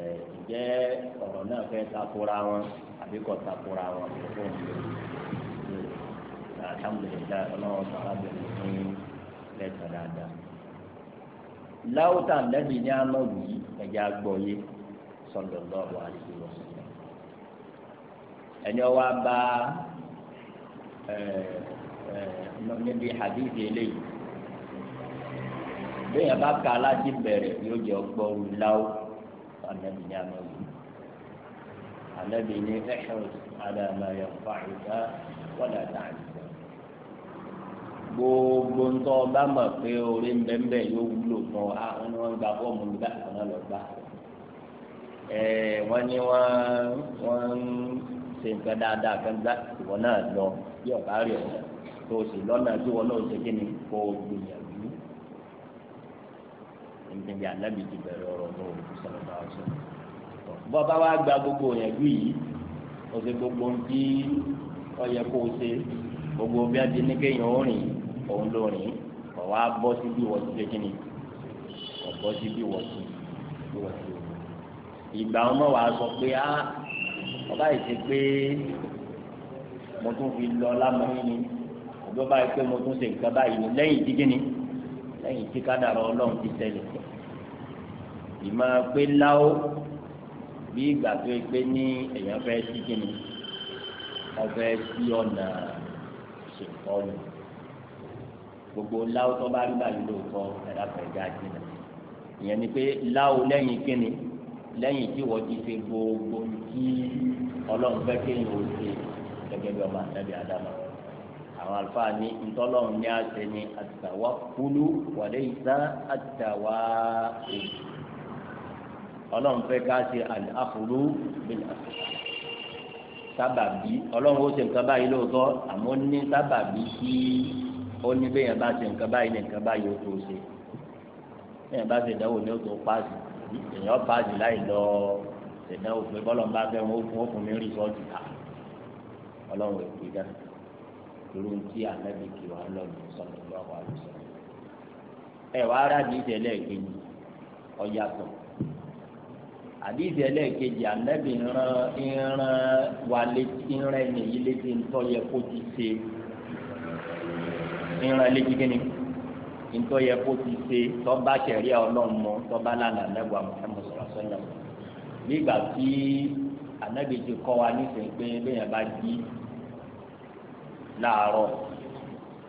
Speaker 1: ẹ ǹjẹ́ ọ̀rọ̀ náà fẹ́ takora wọn àbí kò takora wọn kò fún mi ẹ alhamdulilayi ọlọ́run sọ̀rọ̀ bẹ̀rẹ̀ fún lẹ́tọ̀ dáadáa. láwùtà lẹ́bi ní àmọ́ yìí ẹ̀jẹ̀ agbọ̀yé sọ̀dọ̀ lọ́wọ́ àti ìwọ̀sọ̀tọ̀ ẹni ọwọ́ bá ẹ ẹ níbi hadithi eléyìí bẹ́ẹ̀ bá ka aláàjì bẹ̀rẹ̀ yóò jẹ́ ọgbọ́rù láwù anabi ní amọ̀ anabi ní ẹ̀ṣọ́rọ̀ adàmàyà fàáyìká wọ́n àtàlù gbogbo ńtọ́ bá mọ̀ pé orí ńbẹ́ńbẹ́ yóò wúlò fún wa wọ́n wọ́n gba fọ́ọ̀mù nígbà kan náà lọ gbà wọ́n ní wọ́n wọ́n ṣe nǹkan dáadáa kan gbà ìwọ náà lọ bí ọ̀gá rẹ̀ tó o sì lọ́nà tí wọ́n náà ṣe kí ni kó o gbìyànjú nǹkan bí alábì ti bẹ̀rẹ̀ ọ̀rọ̀ mọ́ òkú sọ̀rọ̀ bá a sọ. bọ́ bá wá gba gbogbo òyìnbó yìí o ṣe gbogbo ń bí ọyẹ kó o ṣe gbogbo bí a ti ní kéèyàn ó rìn òun ló rìn kọ̀ wá bọ́ sí bí wọ́n ti ṣe kí ni kọ̀ bọ́ sí bí wọ́n ti bí wọ́n ti rìn. ìgbà wọn mọ̀ wá sọ pé á ọba ìṣe pé mo tún fi lọ lámọ́rin ni ọba ìṣe pé mo tún ṣe nǹkan báyìí lẹ́yìn tí kí ni lẹ́yìn tí kádàrọ̀ ọlọ́run ti tẹ̀lé ìmọ̀ pé láwó bí ìgbà tó yẹ pé ní èèyàn fẹ́ sí kíni ọbẹ̀ sí ọ̀nà ṣèkọ́nù gbogbo láwó tó bá rí báyìí lóòótọ́ ẹ̀dá fẹ̀dá jìnnà ìyẹn ni pé láwó lẹ́yìn kíni lẹ́yìn tí wọ́n ti ṣe gbogbo tí ọlọ́run fẹ́ kéèyàn ò ṣe gẹ́gẹ́ bí ọmọ àtẹ́bí àdámà àwọn àlùfáà ní ntọ́lọ́run ní àṣẹ ní àtàwá kúlú wàlẹ́ ìsá àtàwá èyí ọlọ́run fẹ́ ká ṣe àfúrú bíi sábàbí ọlọ́run ó ṣe nǹkan báyìí lóòótọ́ àmọ́ ní sábàbí kí ó ní bẹ́yẹn bá ṣe nǹkan báyìí ní nǹkan báyìí ó tó ṣe bẹ́yẹn bá ṣe ìdánwò ní ó tó páàsì èèyàn páàsì láì lọ ṣèdánwò pé bọ́lọ̀ ń bá fẹ́ wọn ó fún ọkùnrin mi rìsọ́ọ̀tì ká ọlọ́run rẹ̀ pé dá irú tí ànábì kì wá lọ́dún sọ̀rọ̀ lọ́wọ́ àlùsọ̀rọ̀ ẹ̀ wá rádìí ìtẹ̀lẹ́ ìgbẹ́ni ọ̀yàtọ̀ àdìsí ẹlẹ́ẹ̀kejì ànábì ńran ńran wa létí ńran ẹnìyí létí ńtọ́ yẹ kó ti ṣe ńran létí kínní ńtọ́ yẹ kó ti ṣe tọ́ba kẹ̀ríà ọlọ́run mọ́ tọ́ba lánàá nẹ́gbà Muhammad sallallahu alaihi wasallam nígbà tí ànábì ti kọ́ wa nísìnyí pé bẹ́ẹ̀ bá jí láàárọ̀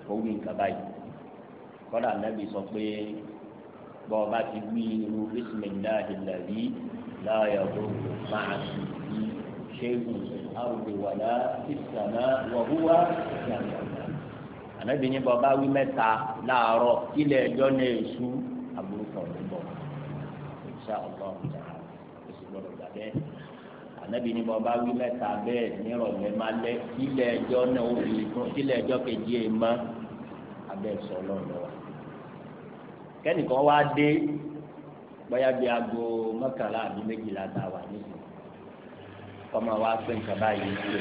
Speaker 1: kó nǹkan báyìí kọ́dà ànábì sọ pé bọ́ọ̀ bá ti wí irú bísí mi náà ìlàrí. لا يضر مع شيء في الأرض ولا في السماء وهو يعلم ànábì ní bàbá wí mẹ́ta láàárọ̀ ilẹ̀ ẹjọ́ náà èṣù àbúrúkọ ọ̀dọ́ bọ̀ ṣá ọ̀gá ọ̀gá oṣù gbọ́dọ̀ gbà bẹ́ẹ̀ ànábì ní bàbá wí mẹ́ta bẹ́ẹ̀ nírọ̀lẹ́ máa lẹ́ ilẹ̀ ẹjọ́ náà ó fi kún ilẹ̀ ẹjọ́ kejì ẹ̀ mọ́ abẹ́ sọ lọ́nà wa kẹ́nìkan wá dé bóyá bíi aago mọ́kànlá àbí méjìlá tá a wà nísìn kọ́mọ wa pé nǹkan báyìí ṣe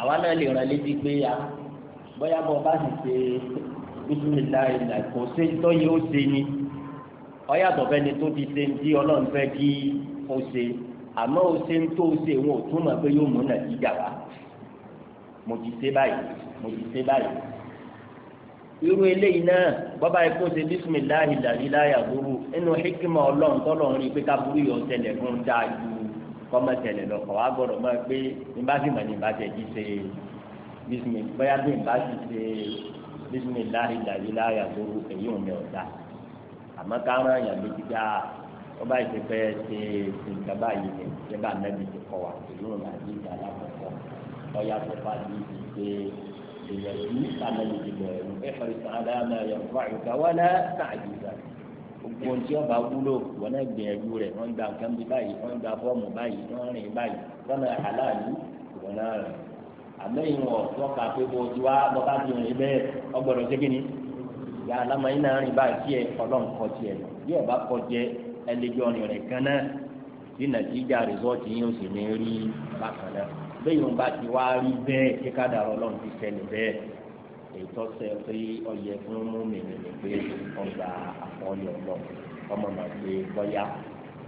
Speaker 1: àwa náà lè ràn létí pé a bóyá bọ́ bá sì ṣe bísímìláì là kò ṣe tọ́yẹ ó ṣe ni ọ̀yàtọ̀ fẹ́ni tó ti ṣe ń di ọlọ́run fẹ́ kí ó ṣe àmọ́ ó ṣe ń tó ṣe wọn ò túmọ̀ pé yóò mú nàìjíríà wá mo ti ṣe báyìí mo ti ṣe báyìí irú eléyìí náà bọ́bá ikú ṣe bísímìláhì làlíláyà burú inú hikima ọlọ́run tọ́lọ̀ ń rí pé káburú yọ tẹ̀lẹ̀ fún dáa ju kọ́mọ tẹ̀lẹ̀ lọ kọ́ wa gbọ́dọ̀ máa pé nígbà tí mà nígbà tẹ̀ jí ṣe bísímì bóyá bí nígbà tí ṣe bísímìláhì làlíláyà burú èyí ò ní ọ̀dà àmọ́ ká rán àyàn méjì dá bọ́bá ah, ìṣe fẹ́ ṣe nǹkan báyìí ní ìṣẹ́bà nẹ́bí ti kọ́ wa gbìyànjú kàmẹ́lì ìbẹ̀rù ẹ̀fọ́ ìsàlẹ̀ àmà yọ̀fọ́ àyùká wọlé sàdùdà gbogbo tí wọn bá wúlò wọn náà gbìyànjú rẹ wọn gba nǹkan bí báyìí wọn gba fọọmù báyìí wọn rìn báyìí wọn náà aláàlú wọn náà rìn àmẹ́yìn wọn tọ́ka pé bó ti wá bọ́ká ti rìn bẹ́ẹ̀ ọgbọ́dọ̀ ṣé kí ni ìyá alámọ̀yìn náà rìn báyìí tiẹ̀ ọlọ́run kọ tiẹ̀ lọ bí ọba kọ jẹ ẹlẹ́jọ́ rìn rẹ̀ kan náà bí nàìjíríà rìsọ́ọ̀tì yín ó sì ní rí bákan náà bẹ́yìn bá ti wá rí bẹ́ẹ̀ kí kádàrọ̀ ọlọ́run ti ṣẹlẹ̀ bẹ́ẹ̀ èyí tó ṣe pé ọyẹ fún mi nìyẹn pé ọgbà àkọọ́lẹ̀ ọlọ́run ọmọ náà pé bọ́yá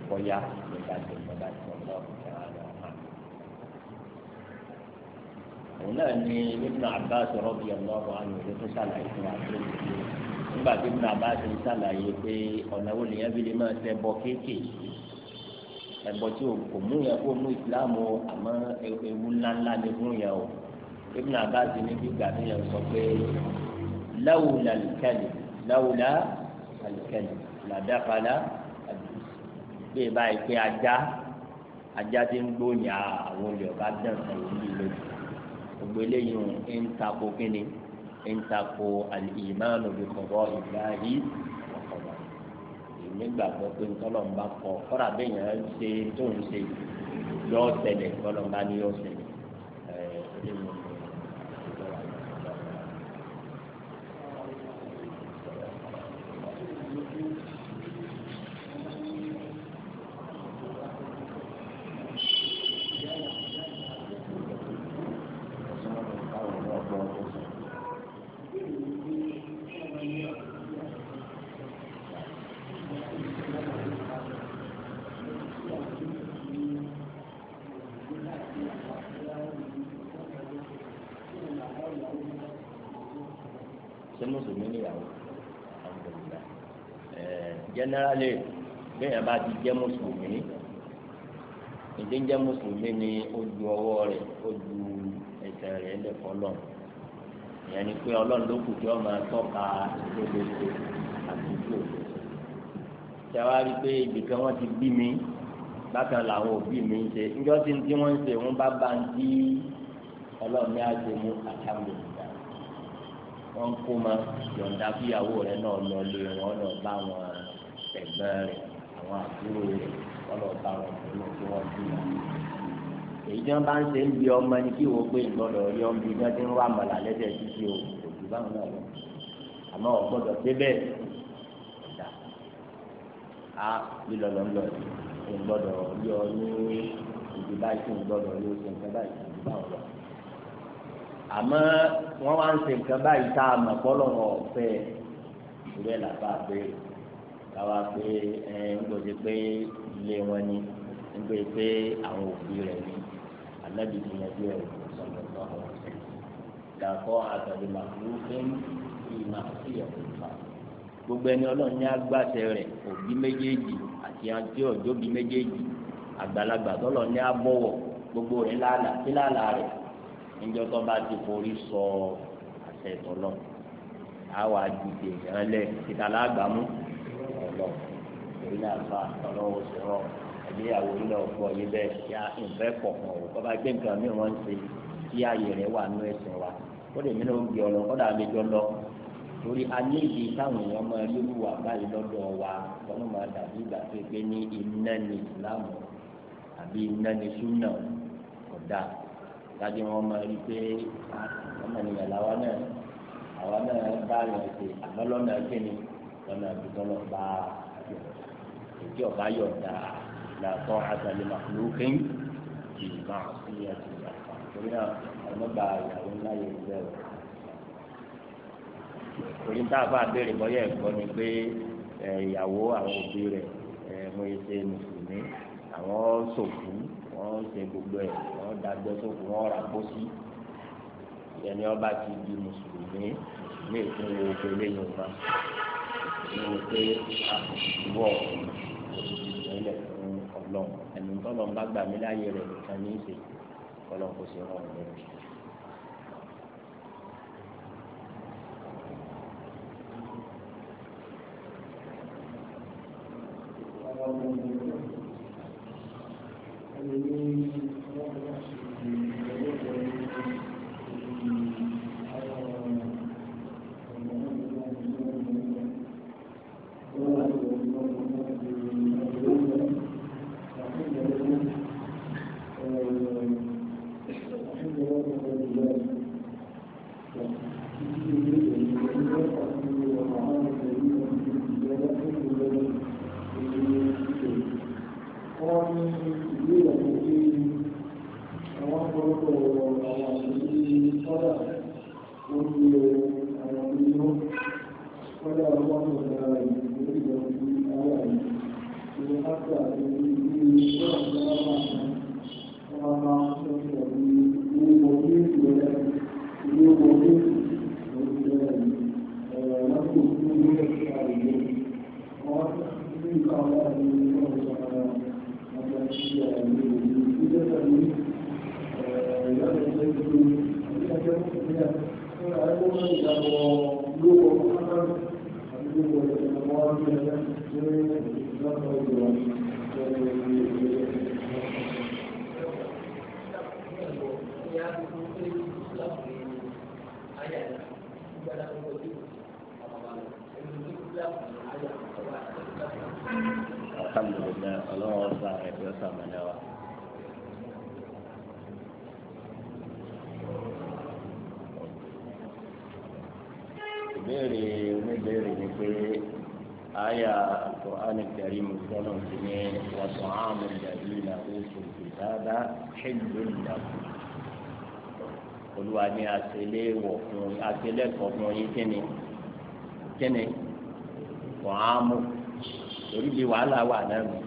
Speaker 1: bọ́yá nígbà tó ń bá ti ọlọ́run kára lọ hàn. òun náà ni Ibn Abbas radiyallahu anhu ló tún ṣàlàyé fún wa pé nígbà tí Ibn Abbas ń ṣàlàyé pé ọ̀nà wo nìyẹn fi lè máa tẹ bọ kéékèèké ẹbọ tí kò mú yẹn kó mú ìsìlámù o àmọ́ ewu ńláńlá ni mú yẹn o Ibn Abbas ní bí gàdé yẹn sọ pé lawla al-kalim lawla al-kalim làdàkàlà bí ẹ báyìí pé ajá ajá ti ń gbóyà àwọn olè ọba dàn sàn yìí lójú gbogbo eléyìí ń takò kínni ń takò al-imanu bi qada'i Allahi mùsùlùmí gbàgbọ́ pé ntọ́lọ́mbà kọ kọ́ra bẹ́ẹ̀ yẹn ṣe tó ń ṣe yọ ọ́ tẹ̀lé kọ́lọ́mbà ni yọ ọ́ tẹ̀lé. jẹnẹrali bẹ́ẹ̀ bá ti jẹ́ mùsùlùmí ìdí ń jẹ́ mùsùlùmí ni ojú ọwọ́ rẹ̀ ojú ẹsẹ̀ rẹ̀ lẹ́kọ̀ọ́ lọ ìyẹn ni pé ọlọ́run ló kù tí wọ́n máa tọ́ka ìdókòwò àti ìdókòwò tẹwárí pé ibìkan wọn ti bí mi bákan làwọn òbí mi ń ṣe ńjọ́ tí ń tí wọ́n ń ṣe wọ́n bá bá ń tí ọlọ́run ní àjẹmú àtàmùlùmíà wọ́n ń kó ma yọ̀ǹda fíyàwó rẹ̀ náà lọ lé wọn náà bá wọn ẹ̀gbọ́n àwọn àbúrò rẹ̀ ọlọ́ọ̀ta wọn kò lọ wọn sí wọn. èyí tí wọn bá ń ṣe ń bi ọmọ ni kí wọ́n pé ìgbọ́dọ̀ rí ọmọ bí wọ́n ti ń wá àmàlà lẹ́sẹ̀ títí o kò báwọn náà lọ. àmọ́ ọ̀gbọ́dọ̀ débẹ̀ ọ̀dà á lílọ lọ lọ ìgbọ́dọ̀ rí ọ ní ìdí báyìí tí ìgbọ́dọ̀ rí oṣù nǹkan báyìí kò báwọn lọ. àmọ́ wọ́n wá ń ṣe nǹkan báyìí tá a mọ̀ kọ́ lọ́wọ́ ọ̀fẹ́ ìrẹ́lá bá a béèrè káwa pé ẹ ń gbọ́dọ̀ pé ilé wọn ni ń gbọ́dọ̀ pé àwọn òbí rẹ̀ ni alábi ti yanjú ẹ̀ sọ̀rọ̀ tó àwọn ọ̀sẹ̀. Dàkọ́ àtàlẹ́ màkúrú fún ìmọ̀ àti ìyàwó ìfà. Gbogbo ẹni ọlọ́run ní agbáṣẹ rẹ̀ òbí méjèèjì àti àti ọ̀jọ́bí méjèèjì àgbàlagbà tọ́lọ̀ ní abọ́wọ̀ gbogbo rẹ̀ lálà sí lálà rẹ̀ níjọ́ tó bá ti forí sọ àṣẹ tọ́lọ̀. Àwọn àjùdè ìrànlẹ̀ títà lágbàmú lọ torí náà fa ọlọ́wọ́ sọ̀rọ̀ ẹgbéyàwó yìí lọ yìí bẹ́ẹ̀ yá ìfẹ́ pọ̀ o kọ́ gbé nǹkan mi wọ́n ń ṣe kí ààyè rẹ̀ wà nú ẹ̀sìn wa ó lè mìíràn gbé ọ lọ kọ́ dàbí jọ lọ torí alẹ́ yìí táwọn èèyàn máa lórí wà báyìí lọ́dọ̀ wa wọn máa dàbí ìgbà tó gbé ní iná ní ìsìlámù àbí iná ní súnà ọ̀dà dájú wọn máa rí pé ọmọ ènìyàn làwa náà àwa náà bá yàn ṣe àbálọ́nà kíni lọ́nà àbíkọ́lọ́ bá ìdí ọ̀bá yọ̀ọ̀dà làtọ́ àtàlẹ́ màlúkín ti máa sí ẹ̀sìn ìgbà torí náà ọlọ́gbà ìyàwó ńlá yẹn ń bẹ̀rù torí tá a bá béèrè bọ́yá ẹ̀kọ́ ni pé ìyàwó àwọn òbí rẹ̀ mo yẹ ṣe mùsùlùmí àwọn sòkú wọ́n ṣe gbogbo ẹ̀ wọ́n dàgbẹ́ sòkú wọ́n rà pósí ìyẹn ni ọba ti di mùsùlùmí mùsùlùmí ètò ìwé òkè lẹ́yìn ọba ló pé àṣìwọ ìrẹ̀lẹ̀ fún Ọlọ́run ẹni tọlọ ń bá gbà mí láàyè rẹ nìkan ní ìsè Ọlọ́run kò sí ọrùn rẹ. Thank you. wàhálà wà náà mi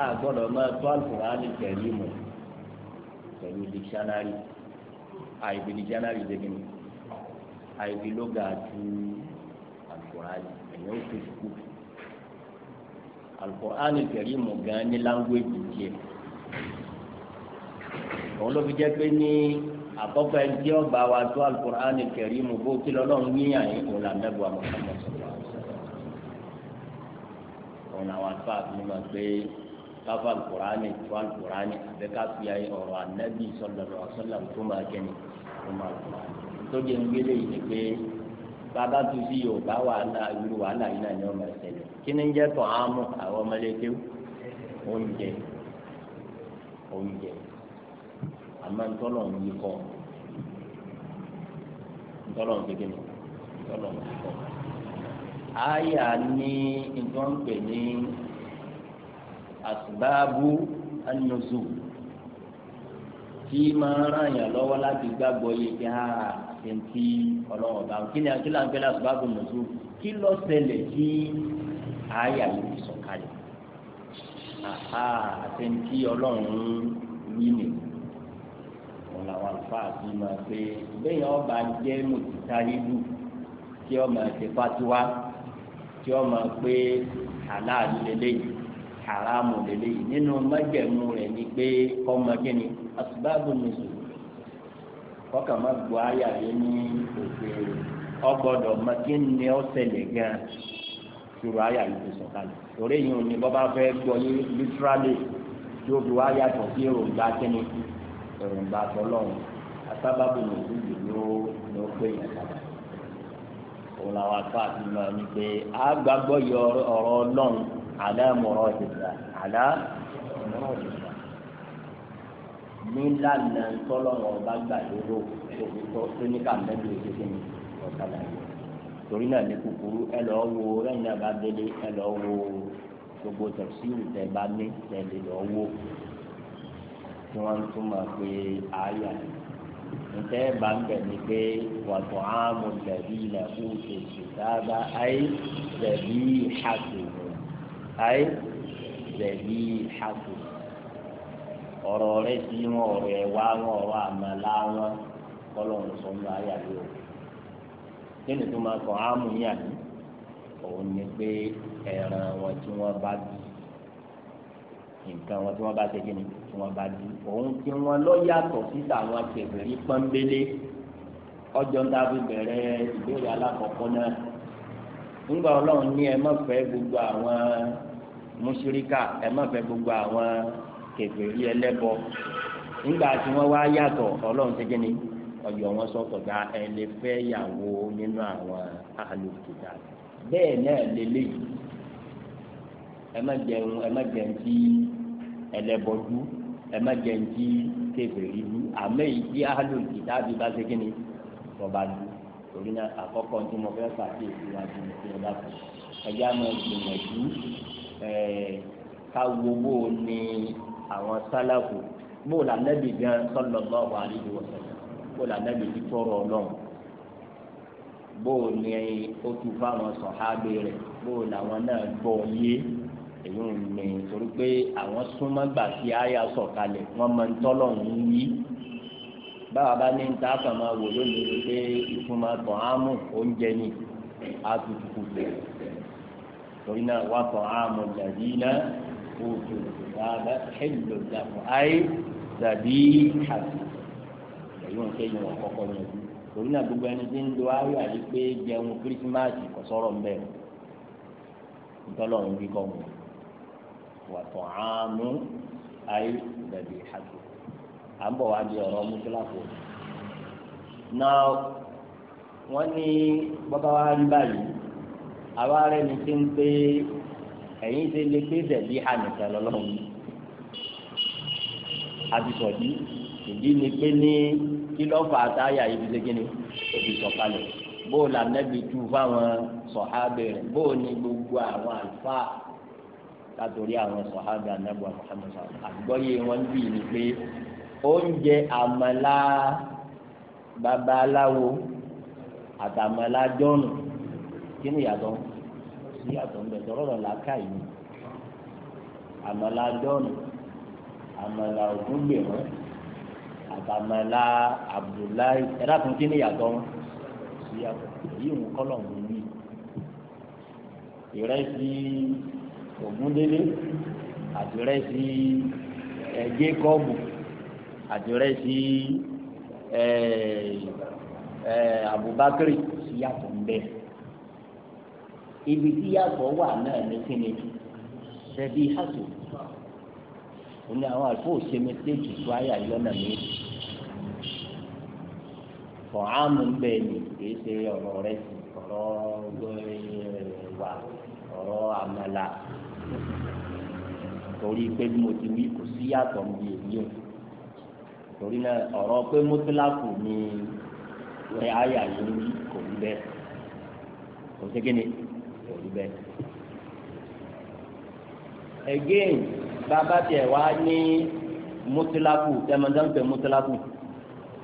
Speaker 1: a gbọ́dọ̀ máa tó alukurani pẹ̀lú mu pẹ̀lú dikishanari àìbí dikishanari dèkì mi àìbí lóga ju alukurani ẹ̀yìn ó fi sùkú alukurani pẹ̀lú mu gan ní language tiẹ̀ òun ló fi jẹ́ pé ní àkọ́kọ́ ẹni tí ó wa tó alukurani pẹ̀lú mu bó kí lọ́lọ́run yíyan yìí kò là nẹ́bù àmọ́ sọ́mọ́sọ́mọ́ òun làwọn àlùfáà fi mọ̀ pé káfà alukurani tó alukurani àbẹ káfí ayé ọ̀rọ̀ anabi sọlọlọ sọlọ tó máa kẹni tó máa alukurani tó jẹ ngbélé yìí ni pé bàbá tu sí yorùbá wàhálà ìlú wàhálà yìí náà ni wọn máa ṣẹlẹ̀ kí ni ń jẹ tó àmú àwọn ọmọlẹ́kẹ́ oúnjẹ oúnjẹ àmọ́ ntọ́lọ̀ ń yí kọ́ ntọ́lọ̀ ń gbégé ni ntọ́lọ̀ ń yí kọ́ àyà ní ìjọ́npè ní asbabu an-nuzul tí máa ràn yàn lọ́wọ́ láti gbàgbọ́ yìí kí á àtẹ̀ntì ọlọ́wọ́ bá kí ni akílà ń pẹ́lẹ́ asbabu an-nuzul kí ló ṣẹlẹ̀ kí àyà yìí sọ̀kalẹ̀ àtẹ̀ntì ọlọ́run yìí nìyí ọ̀la wà fáàbí máa pé bẹ́ẹ̀ ọba jẹ́ mùtítà ìlú tí ọmọ ẹ̀sẹ̀ fatiwa tí ó máa pé aláàlú lélẹ́yìí haramu lélẹ́yìí nínú májẹ̀mú rẹ̀ ni pé ọmọ kíni asubáàbù nìṣó kọ́kàn má gbọ́ àyà yẹn ní òkè ọgbọ́dọ̀ mọ kí ni ó ṣẹlẹ̀ gan ṣòro àyà yìí ti sọ̀kalẹ̀ torí yìí ni bọ́ bá fẹ́ gbọ́ yé literally yóò fi wá yàtọ̀ sí èròǹgbà kíni èròǹgbà tọ́lọ́run asábàbù nìṣó yìí ló ló pé yẹn sábà òun làwọn afáàtì máa ní pé a gbàgbọ́ yọ ọ̀rọ̀ ọlọ́run àdámọ̀rọ̀ ìdìbò àdámọ̀rọ̀ ìdìbò nílànà tọ́lọ́run ọba gbà lérò òkútọ́ tó ní kàmẹ́lì òṣèlú ní ọ̀kadà yìí torí náà ní kúkúrú ẹ lọ́ọ́ wo lẹ́yìn náà bá délé ẹ lọ́ọ́ wo gbogbo tẹ̀síwù tẹ bá ní tẹ̀lé lọ́ọ́ wo tí wọ́n ń túmọ̀ pé àáyà yìí ntẹ bá ń bẹ ní pé wàtò àmú lẹbi lẹkú tètè dáadáa ayé lẹbi hàtùmù ayé lẹbi hàtùmù ọ̀rọ̀ rẹ sí wọn ọ̀rọ̀ ẹ wá wọn ọ̀rọ̀ àmàlà wọn kọlọrun sọ ní ayé àlẹ o kí ni tó máa kọ àmú yàn ní òun ni pé ẹran wọn tí wọn bá dùn nǹkan wọn tí wọ́n bá ṣe kí ni tí wọ́n bá di òun tí wọ́n lọ yàtọ̀ síta àwọn kèfèrí pọ́nbélé ọjọ́ ń dábì bẹ̀rẹ̀ ìbéèrè alákọ̀ọ́kọ́ náà nígbà ọlọ́run ní ẹ má fẹ́ gbogbo àwọn mùṣírìkà ẹ má fẹ́ gbogbo àwọn kèfèrí ẹlẹ́bọ nígbà tí wọ́n wá yàtọ̀ ọlọ́run ṣe kí ni ọyọ wọn sọtọ gba ẹ lè fẹ́ yàwó nínú àwọn àlùkìtà bẹ́ẹ̀ náà lélẹyìí ẹ má jẹun ẹ má jẹun tí ẹlẹ́bọ̀dú ẹ má jẹun tí kébèrè dú àmọ́ èyí tí áhàlù kìtàbí bá ṣe kíni bọ̀bá du torí náà àkọ́kọ́ tí mo fẹ́ pàkíyèsí wa bí mo fi ọba kù ẹjẹ́ àmọ́ ìgbìyànjú káwo bó o ní àwọn sálàkù bó o là nẹ́bì gan sallallahu alaihi wasallam bó o là nẹ́bì ti tọrọ ọlọ́run bó ní o tún fáwọn sọ̀hábì rẹ̀ bó làwọn náà gbọ́ yé èyí ń mi torí pé àwọn súnmọ́ gbà sí àyà sọ̀kalẹ̀ wọ́n máa ń tọ́lọ̀ ń yí báwa bá ní ta kàn máa wò lónìí ni pé ìfúnma tàn á mú oúnjẹ ni á tutù kù bẹ̀rẹ̀ torí náà wà tàn á mú jàdí náà kó tó dáadáa ẹ̀lò dàpọ̀ ayé dàbí àbí èyí ń kéyìn wọn kọ́kọ́ yẹn torí náà gbogbo ẹni tí ń lo ayé àyè pé jẹun kírísímàsì kò sọ̀rọ̀ ń bẹ̀rẹ̀ ntọ́lọ́run bí kọ́ wọn wàtò àánú ayé dàbí hàtò à ń bọ̀ wá di ọ̀rọ̀ mùsùlùmí. náà wọ́n ní bọ́bá wa rí báyìí àwa rẹ̀ ní ti ń pé ẹ̀yìn ti lè pé dàbí hànìkan lọ́lọ́run àbísọ̀dí ìdí ni pé ní kí lọ́fà àtàyà ibi ṣe kíni ibi sọ̀kalẹ̀ bó o là nẹ́bi tu fáwọn sọ̀hábẹ̀ rẹ̀ bó o ní gbogbo àwọn àlùfáà látòrí àwọn sọ̀hábà anábọ̀ Muhammad sọ̀rọ̀ àgbọ́yé wọn bí ni pé oúnjẹ àmàlà babaláwo àtàmàlà jọ́nù kí ni yàtọ̀ sí yàtọ̀ ń bẹ̀ tọ́rọ̀ rẹ̀ làákà yìí àmàlà jọ́nù àmàlà ògúngbèmọ́ àtàmàlà Abdullahi ẹ̀rá tún kí ni yàtọ̀ sí yàtọ̀ èyí ń kọ́ lọ́ọ̀mù yìí ìrẹsì ògúndélé àdírẹ́sì ẹ jẹ́kọ́bù àdírẹ́sì ẹ ẹ abubakar síyàtọ̀ ń bẹ ibi síyàtọ̀ wà náà ní kíni ṣẹbi hàtò òní àwọn àlùfò ṣe mẹsẹ́ẹ̀kì tó ayé àyọ́nà mi fọ̀hámù ń ni kì ṣe ọ̀rọ̀ rẹ̀ sí ọ̀rọ̀ wà ọ̀rọ̀ àmàlà torí pé bí mo ti wí kò sí yàtọ̀ mi èyí ẹ̀ torí náà ọ̀rọ̀ pé mọ́tíláàkù ni ẹ̀ àyà yìí wí kò rí bẹ́ẹ̀ kò sí kíni kò rí bẹ́ẹ̀. again bàbá tiẹ̀ wá ní mọ́tíláàkù tẹ́mọ̀tán pé mọ́tíláàkù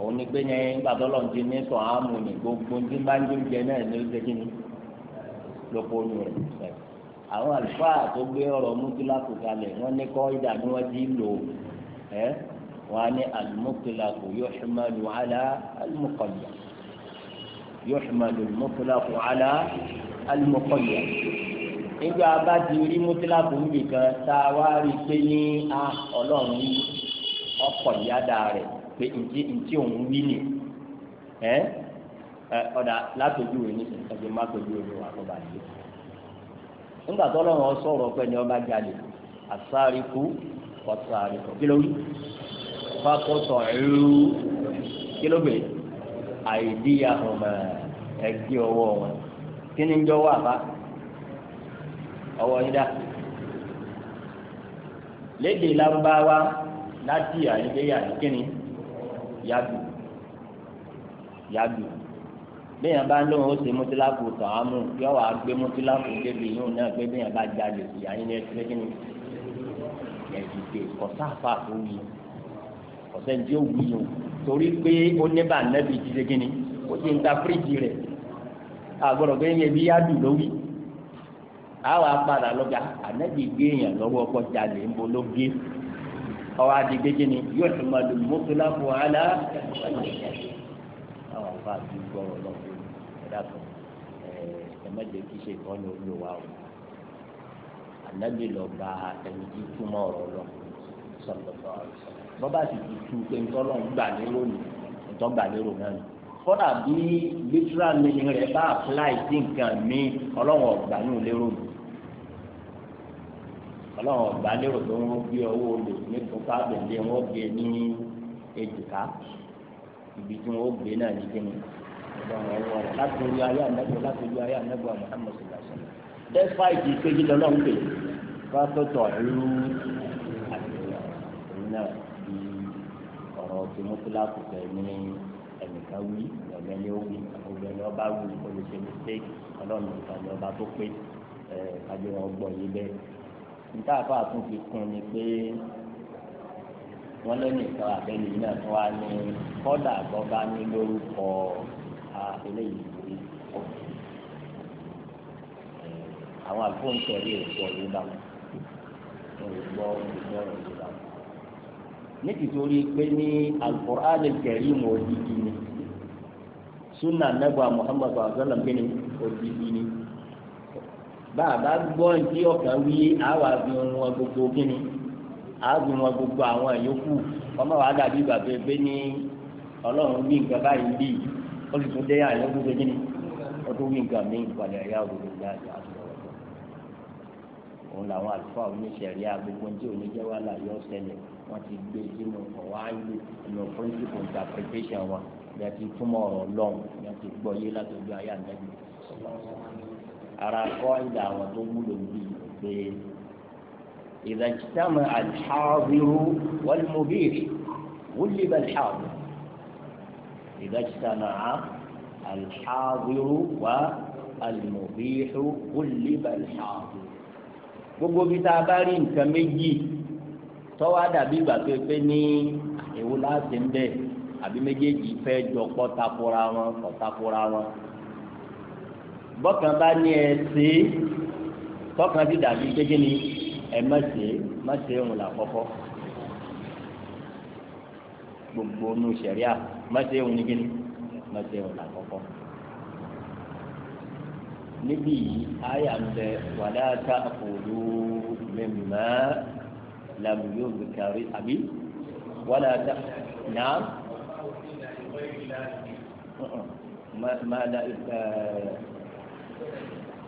Speaker 1: òun ni pé ní gbàdọ́ lọ́n ti ní sọ̀ ámù ní gbogbo ní bá ń jẹ́ náà ní ó ṣe kíni lóko ní rẹ̀ sẹ́yìn àwọn àlùfáà tó gbé ọ̀rọ̀ mutula kò kalẹ̀ wọ́n ní kọ́ ìdá ni wọ́n ti lò ẹ́ wọ́n á ní alimutula kò yuhmalu ala al-muqayyad yuhmalu alimutula kò ala al-muqayyad nígbà bá ti rí mutula kò ń bìkan tá a wá rí pé ní a ọlọ́run yìí ọkọ̀ ìyáda rẹ̀ pé ntí ntí òun wí ni ẹ́ ọ̀dà látọ̀jú rẹ̀ ní ìtọ́jú má tọ́jú wà lọ́ba yìí. nígbà tó lọ́wọ́ sọ̀rọ̀ pé ni ọba jalè àsáríkú kọsáríkú kí ló wí fakọsọ ẹrú kí ló gbé àìdíyà ọmọ ẹgbẹ ọwọ́ wọn kí ni ń jọ wà bá ọwọ́ yín dá lédè lárúbáwá bẹ́ẹ̀yàn bá lóun ó ṣe mutilaku tọ̀hámù yọ wà gbé mutilaku débi yóò náà gbé bá jalè sí àyín ní ẹsẹ̀ kí ni ẹ̀dìdè kọ̀sá àfà tó kọ̀sẹ́ ní tí ó torí pé ó ní bá nẹ́bi ti ṣe kí ni ó ti ń ta fíríjì rẹ̀ àgbọ̀dọ̀ pé ẹ̀yẹ bí yádùn ló àwọn apàdà lọ́gà gbé èèyàn lọ́wọ́ ọkọ̀ ń bo ọwọ́ kí ni yóò tún dàpọ̀ ẹ má jẹ́ kí ṣe tọ́ ni ó lò wá o ànábì lọ bá ẹni tí túmọ̀ ọ̀rọ̀ lọ sọ̀tọ̀tọ̀ bọ́bá sì ti tu pé ntọ́lọ́ ń gbà lérò ní ntọ́ gbà lérò náà ni kọ́dà bí literal meaning rẹ̀ bá apply sí nǹkan mi ọlọ́run ọ̀gbà ní lérò ní ọlọ́run ọ̀gbà lérò pé wọ́n gbé owó olè ní kópa bẹ̀lẹ́ wọ́n gbé ní èjìká ibi tí wọ́n gbé náà ní kíni sọ̀rọ̀ ọwọ́ rẹ̀ látòrí ayé ànágbó látòrí ayé ànágbó Muhammad sallallahu alaihi wasallam. despite ìkejì lọ́nà ń pè fásitọ̀ ìlú àdìyàn òun náà di ọ̀rọ̀ tìmọ́tìlá kò fẹ́ ní ẹnìkan wí ọ̀gbẹ́ ni ó wí ọ̀gbẹ́ ni ọba wí olùṣe mistake ọlọ́run nìkan ni ọba tó pé kájọ wọn gbọ́ yé bẹ́ẹ̀. níta àfa tún fi kún ni pé wọ́n lẹ́nu ìtàn àbẹ́lẹ̀ náà wá ní kọ́dà gbọ́ba ní lórúkọ eléyìí lórí àwọn àgbóǹtẹ̀rí èkó yìí bá wọn èkó èkó ọ̀rọ̀ yìí bá wọn. ní pé ní alukur'an kẹrí mu odidi ni sunna anagba muhammadu azalam kini odidi ni bàbá ọkàn wí àwọn wọn gbogbo wọn gbogbo àwọn ẹ̀yọ́kù ọmọ wa dàbí bàbá ẹgbẹ́ ní ọlọ́run bí nǹkan báyìí bíi. ó sì tún déyà ló tún ṣe kíni ó tún wí nǹkan mí ìpàdé ẹ̀yà òdodo jáde àtúntò òun làwọn àlùfáà oníṣẹ̀rí àgbègbè tí oníjẹ́ wà láyé ọ̀sẹ̀lẹ̀ wọ́n ti gbé sínú ọ̀wá ìlú nínú principle interpretation wọn bí a ti túmọ̀ ọ̀rọ̀ lọ́hùn bí a ti gbọ́ yé látọ̀jú ayé ànábì ara kọ́ ìdá àwọn tó wúlò bíi pé ìdájítàmù al-hadiru wal-mubir wúlì ìdájítàmà alḥàbírú الحاضر والمبيح wùlíbà alḥàbírú. gbogbo bí tá a bá rí nǹkan méjì tọ́wọ́ dàbí ìgbà tó pé ní èwo láti ń bẹ̀ àbí méjèèjì fẹ́ jọ pọ́tàkùra wọn pọ́tàkùra wọn. bọ́kàn bá ní ẹ ṣe é tọ́kàn ti dàbí gbégé ni ẹ má ṣe é má ṣe é òun là kọ́kọ́ gbogbo nu sẹ̀ríà. mẹsẹ òun ni gini mẹsẹ òun là kọ́kọ́ níbí yìí àyà ń bẹ wàlá ta àkòló mẹmà làmúyò bìkàrí àbí wàlá ta nà má la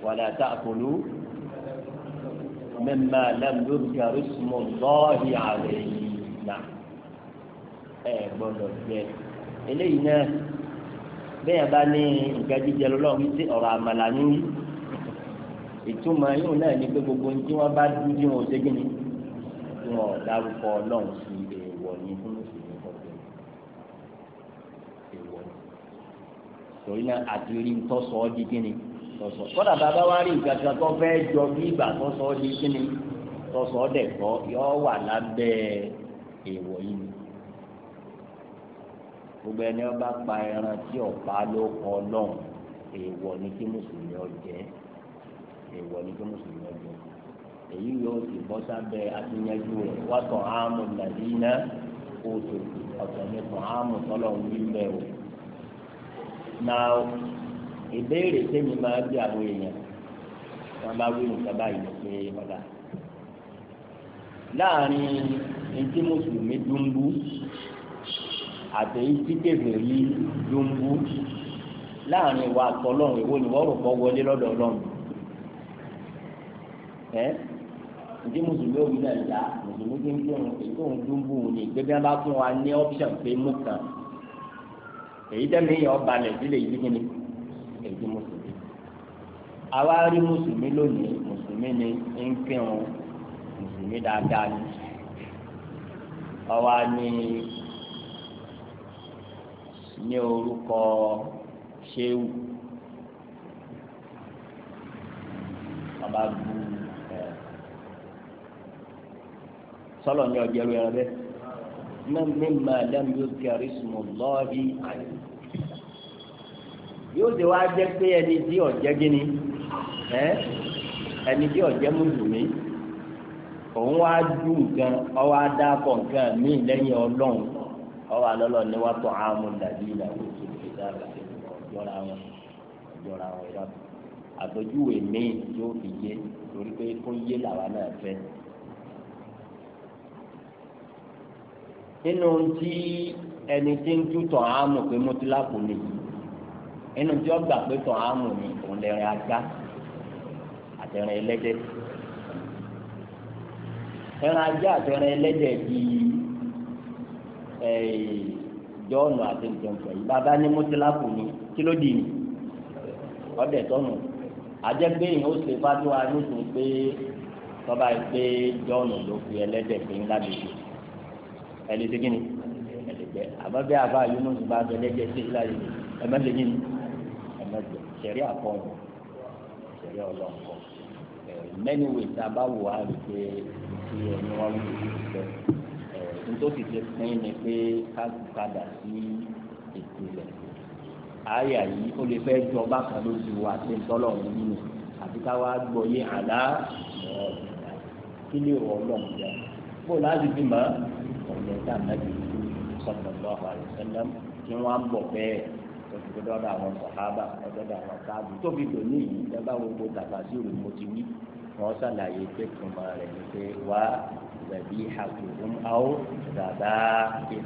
Speaker 1: wàlá ta àkòló mẹmà làmúyò bìkàrí sùmọ̀ lọ́ọ̀hìn àlẹ́ yìí nà ẹ gbọ́dọ̀ jẹ́. eléyìí náà bẹ́ẹ̀ bá ní nǹkan jíjẹ lọ́wọ́ sí ọ̀rọ̀ àmàlà ní ìtumọ̀ yóò náà ní pé gbogbo ní tí wọ́n bá dúdú tí wọ́n ṣe kí ni tí wọ́n dárúkọ ọlọ́run sí èèwọ̀ ní fún mùsùlùmí kọ̀ọ̀kan èèwọ̀ ní. torí náà àti rí ọ́ di kí ni kọ́dà bàbá wa rí nǹkan kan tó fẹ́ jọ bí ìgbà tọ́sọ ọ́ di kí gbogbo ẹni ọba pa ẹran tí ọba ló kọ Ọlọ́run èèwọ̀ ni kí mùsùlùmí ọjẹ èèwọ̀ ni kí mùsùlùmí ọjẹ èyí yóò sì bọ́ sábẹ́ àtúnyẹ́jú rẹ̀ wàtò àmù nàdínà oṣù ọ̀sẹ̀ nípa àmù tọ́lọ̀ ń bí mbẹ́ o. na ìbéèrè sẹ́mi máa bí àwọn èèyàn wọn bá wí nǹkan báyìí pé ọ̀dà láàrin ẹni tí mùsùlùmí dúndú àtẹ̀yí tí kébèrè rí ló ń bú láàrin ìwà àtọ́lọ́run èwo ni wọ́n rò kọ́ wọlé lọ́dọ̀ ọlọ́run ẹ́ ǹjẹ́ mùsùlùmí òbí náà yá mùsùlùmí kí n kí òun èyí tóun dún bù ní ìgbé bí wọ́n bá fún wa ní option pé mú kan èyí tẹ́lẹ̀ yẹn ọba lẹ̀ sílẹ̀ yìí kí ni èyí mùsùlùmí àwa rí mùsùlùmí lónìí mùsùlùmí ni ń kírun mùsùlùmí dáadáa ni ọwa ni ní orúkọ ṣéwù bàbá bu ẹ sọlọ ní ọjọ́ ẹrú ẹran bẹ́ẹ̀ mẹ́mí màdàm yóò fi àrísùmọ̀ lọ́ọ̀dì àyè yóò ṣe wá jẹ́ pé ẹni tí ọ̀jẹ́ gíní ẹ ẹni tí ọ̀jẹ́ mùsùlùmí òun wá ju nǹkan ọwọ́ adá kọ̀ nǹkan lẹ́yìn ọlọ́run ọwọ́ alọ́lọ́ ni wọ́n tọ́ àmú dàbí ìlànà tó ti dá àgbàdo ọjọ́ra wọn ọjọ́ra wọn ìlànà àpèjúwe míì yóò fi yé torí pé kó yé làwa náà fẹ́. nínú tí ẹni tí ń tú tọ̀ àmú pé mọ́tíláàpù ni nínú tí ó gbà pé tọ̀ àmú ni òun lè rìn ajá àtẹ̀rìn ẹlẹ́dẹ̀ ẹ̀rìn ajá àtẹ̀rìn ẹlẹ́dẹ̀ bíi. Eh, jọ́ọ̀nù àti ìjọba yìí bàbá ní mọ́tíláàpù ni kí ló dì ní ọ̀dẹ̀ tọ́nù àjẹgbé yìí ó ṣe fásiwá nísìnyí pé tọ́ba yìí pé jọ́ọ̀nù ló fi ẹlẹ́dẹ̀ pé ńlá lè ṣe ẹ̀lẹ́ ṣe kíni ẹ̀lẹ́gbẹ́ àmọ́ bí àbá yunus bá bẹ ẹlẹ́dẹ̀ ṣe ńlá lè ṣe ẹ̀mẹ́ ṣe kíni ẹ̀mẹ́ ṣe ṣẹ̀rí àkọ́ọ̀nù ṣẹ̀rí ọlọ́ọ̀kọ́ mẹ́niwèé tá a bá wò á rí pé ìṣe ẹni wọn wù ú nítorí ti pín ni pé ká padà sí ìpìlẹ̀ àyà yìí ó lè fẹ́ jọ bákan lójú wa àti ntọ́lọ́run nínú àti ká wá gbọ́ yé àlá kí lè rọ ọlọ́run jẹ bó láti fi mọ́ ọ̀lẹ́ tá a nàbí sallallahu alaihi wasallam kí wọ́n á bọ̀ bẹ́ẹ̀ ọdọdọ àwọn sọhábà ọdọdọ àwọn káàbù tóbi dòní yìí dábàá gbogbo tàbá sí òrùn mo ti wí wọ́n ṣàlàyé pé kùmà rẹ̀ ni pé wá ذبيحتهم أو ذبائحهم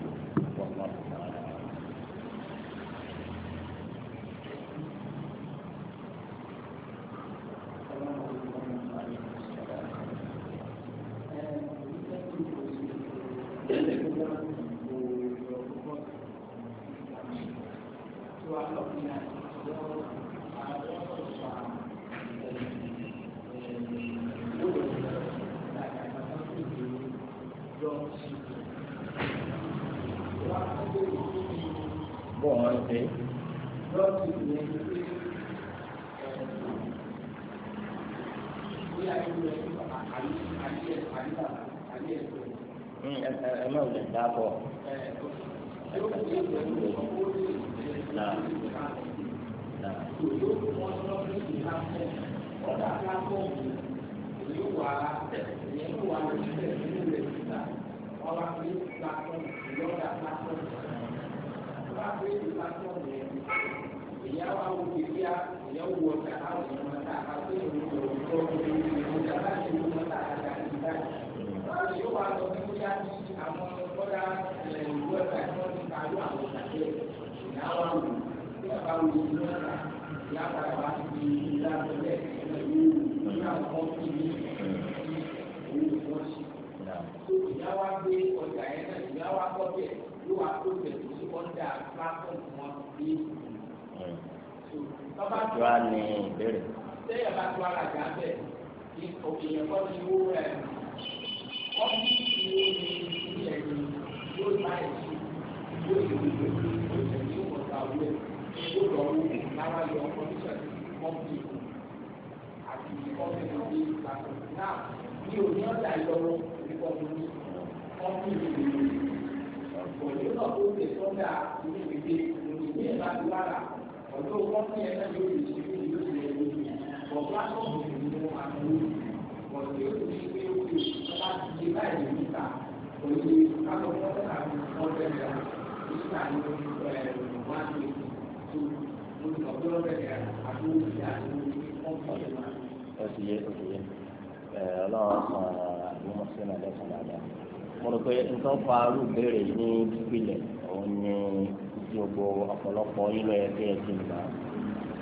Speaker 1: dáàbọ̀. kí wàá ní ìbéèrè. ṣé yàrá tó ara jà bẹ́ẹ̀ ni òkèèyàn kọ́ ni wó ẹ̀ wọ́n ní ní ilé ẹ̀yìn yóò má ẹ̀sìn yóò lè wí pé ó tẹ̀ ní ọ̀gá òwe yóò lọ wó lára yọ ọ̀pọ̀lọpọ̀ kọ́mpì àti kọ́mpì náà ní ìgbàgbọ́ náà ní òní ọ̀dà ìlọ́wọ́ onígbọ̀n ní kọ́mpì ìlú òní náà ó lè sọ́dà ní ìgbé òní ìgbé ìlú àlà ọjọ́ kọ́ńtì ẹ̀ náà yóò ṣe é yóò ṣe é bọ̀ pátọ́ọ̀mù mo rò pé nǹkan fa arúgbó rẹ̀ ní gbígbìlẹ̀ òun ni ọ̀pọ̀lọpọ̀ ilé ẹgbẹ́ ẹ̀dì mọ́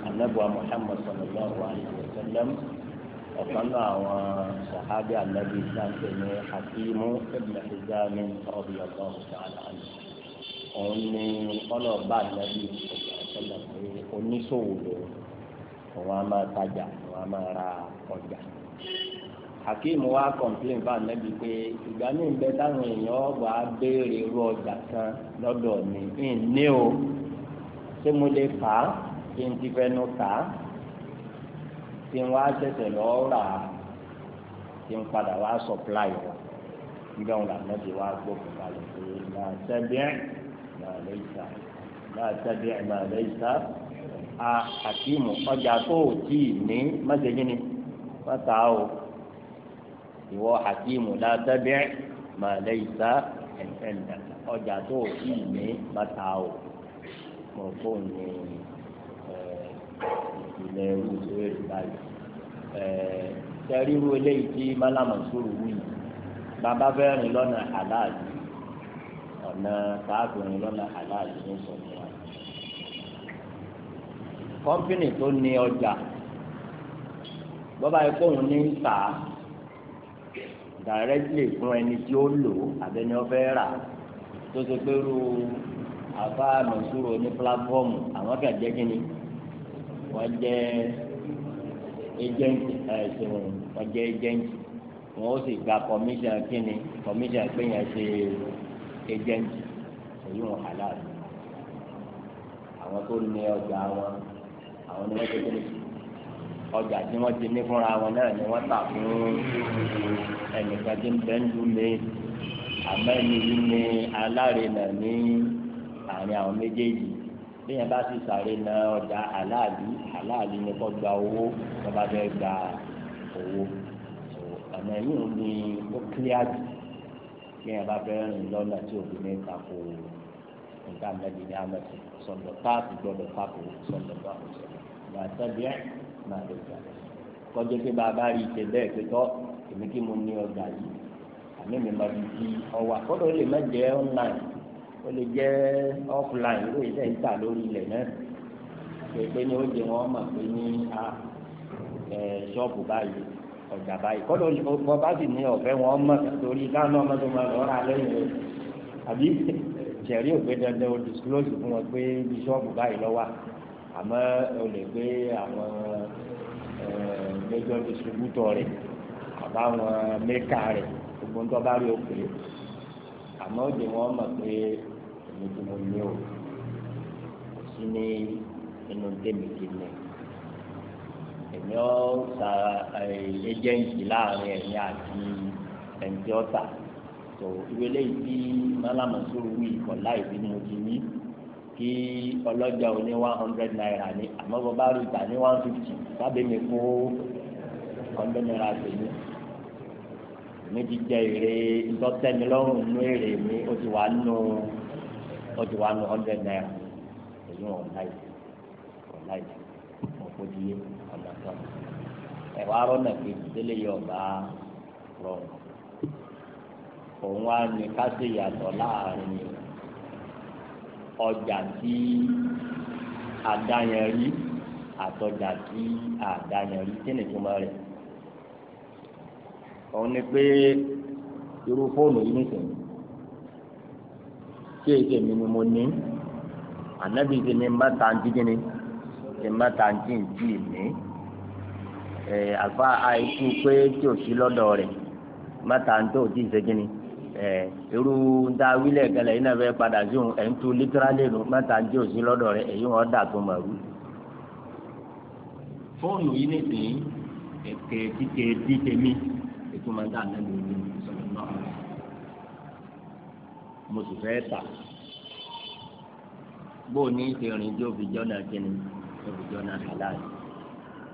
Speaker 1: anabu muhammad sallallahu alayhi wa sallam ọ̀kan náà àwọn sahabi anabi sáńpẹ̀ ní hakimu ibn hizami radiyallahu ta'ala anhu òun ni ọlọ́ọ̀bá anabi sallam oníṣòwò lòun òun á máa tajà òun á máa ra ọjà hakeem wa complain bá nẹbi pé ìgbà mi ń bẹ táwọn èèyàn ọgbà béèrè irú ọjà kan lọ́dọ̀ mi ń o ṣé mo lè fà á kí n ti fẹnu kà á kí n wá ṣẹ̀ṣẹ̀ lọ rà á kí n padà wá supply wa nígbà wọn làná ti wá gbókùn balẹ̀ pé máa tẹ́bíẹ́ máa lè ta máa tẹ́bíẹ́ máa lè ta a àkíìmù ọjà tó o tí ì ní má ṣe kí má ta o ìwọ àkíìmù láti tẹ́bíẹ́ máa lè ta ẹ̀ẹ́dẹ̀ẹ́dẹ̀ ọjà tó o tí ì ní má ta o mọ̀ fóun ní eh, ìpìlẹ̀ irú ìwéèrè báyìí. tẹ̀rí eh, irú eléyìí tí málàmù sòrò wù yìí bàbá fẹ́ rìn lọ́nà àláàlú ọ̀nà káàkiri lọ́nà àláàlú ní sọ̀rọ̀ wa. kọ́mpìnì tó ní ọjà bọ́bá yìí kóun ní ń tà fún ẹni tí ó lò àbẹ́ni ó rà tó ṣe pé irú àfa mọ̀súrò ní pílátífọ́ọ̀mù àwọn kà jẹ́ kí ni wọ́n jẹ́ ẹjẹ́ǹtì ẹ̀sìn wọ́n jẹ́ ẹjẹ́ǹtì ó sì gba kọmíṣàn kí ni pé yẹn ṣe ẹjẹ́ǹtì èyí wọn halal àwọn tó ní ọjà wọn àwọn ni wọ́n ti ọjà tí wọ́n ti ní fúnra wọn náà ni wọ́n tà fún ẹnìkan tí ń bẹ́ńdú mi àmọ́ ẹni yìí ni alárinà ní àárín àwọn méjèèjì bẹ́ẹ̀ bá sì sáré na ọjà aláàbí aláàbí ni kò gba owó tó bá fẹ́ gba owó ọ̀nà yìí ni ó kílíà jù bẹ́ẹ̀ bá fẹ́ rìn lọ́nà tí òbí ní kakó nǹkan mẹ́bí ní amẹ́sì sọ̀dọ̀ páàkì gbọ́dọ̀ páàkì sọ̀dọ̀ páàkì sọ̀dọ̀ gbàtẹ́bí ẹ̀ máa lè gbà kọjú pé bàbá rí i ṣe bẹ́ẹ̀ pé tọ́ èmi kí mo ní ọjà yìí àmì mi máa fi ọwà kọ́dọ̀ lè má jẹ́ online ó lè jẹ́ offline ló yẹ sẹ́yìn tà lórí ilẹ̀ náà pèpè ni ó jẹ wọn mọ̀ pé ní a ṣọ́ọ̀bù báyìí ọjà báyìí kọ́lọ́ ọkọ̀ bá sì ní ọ̀fẹ́ wọn mọ̀ torí káwọn náà mọ̀tò máa lọ́ọ́ ra lẹ́yìn rẹ̀ àbí ṣẹ̀rí òpè dandan o disclose fún wọn pé bí ṣọ́ọ̀bù báyìí lọ́wọ́ àmọ́ o lè gbé àwọn major distributor rẹ̀ àbáwọn mẹ́ka rẹ̀ gbogbo ń tọ́ bá rí òpè àmọ́ ó jẹ wọn mọ̀ pé èmi tí mo ní o kò sí ní inú tèmi ní èmi ọ sa ẹjẹǹtì eh, láàrin ẹ̀mí àti ẹ̀ǹtí ọ̀tà tó ìwé lẹ́yìn tí mọ́lámọ́sọ wí kọ̀ láì bí mo ti wí kí ọlọ́jà ò ní one hundred naira ní àmọ́ bọ́ bá rí ìgbà ní one fifty sábẹ́ mi kó hundred naira tèmi mi ti jẹ èrè ntọ́tẹ́mi lọ́rùn nínú èrè mi ó ti wà nínú wọ́n ti wá lọ hundred naira èyí wọn ọ̀la yìí ọ̀la yìí wọn kò di ọ̀nà kan ẹ̀ wá rọ́nà kejì délé yọ ọ̀bá rọrùn òun wá ní ká ṣe yàtọ̀ láàrin ọjà tí àdáyẹnrí àtọjà tí àdáyẹnrí kí ni ìtumọ̀ rẹ̀ òun ni pé irú fóònù yìí nìkan tí èké mi ni mo ní ànábì ti ní má ta ní ti má ta ní mi ẹ àfa àìkú pé tí ò sí lọ́dọ̀ rẹ̀ má ta ní ti ṣe kíni ẹ irú ta wílẹ̀ gẹlẹ̀ yìí náà padà sí òun ẹ̀ ń tu tí èyí wọn tó fóònù yìí mo sì fẹ́ tà bó o ní ìrìn tí o fi jọ́nà kíni o fi jọ́nà halal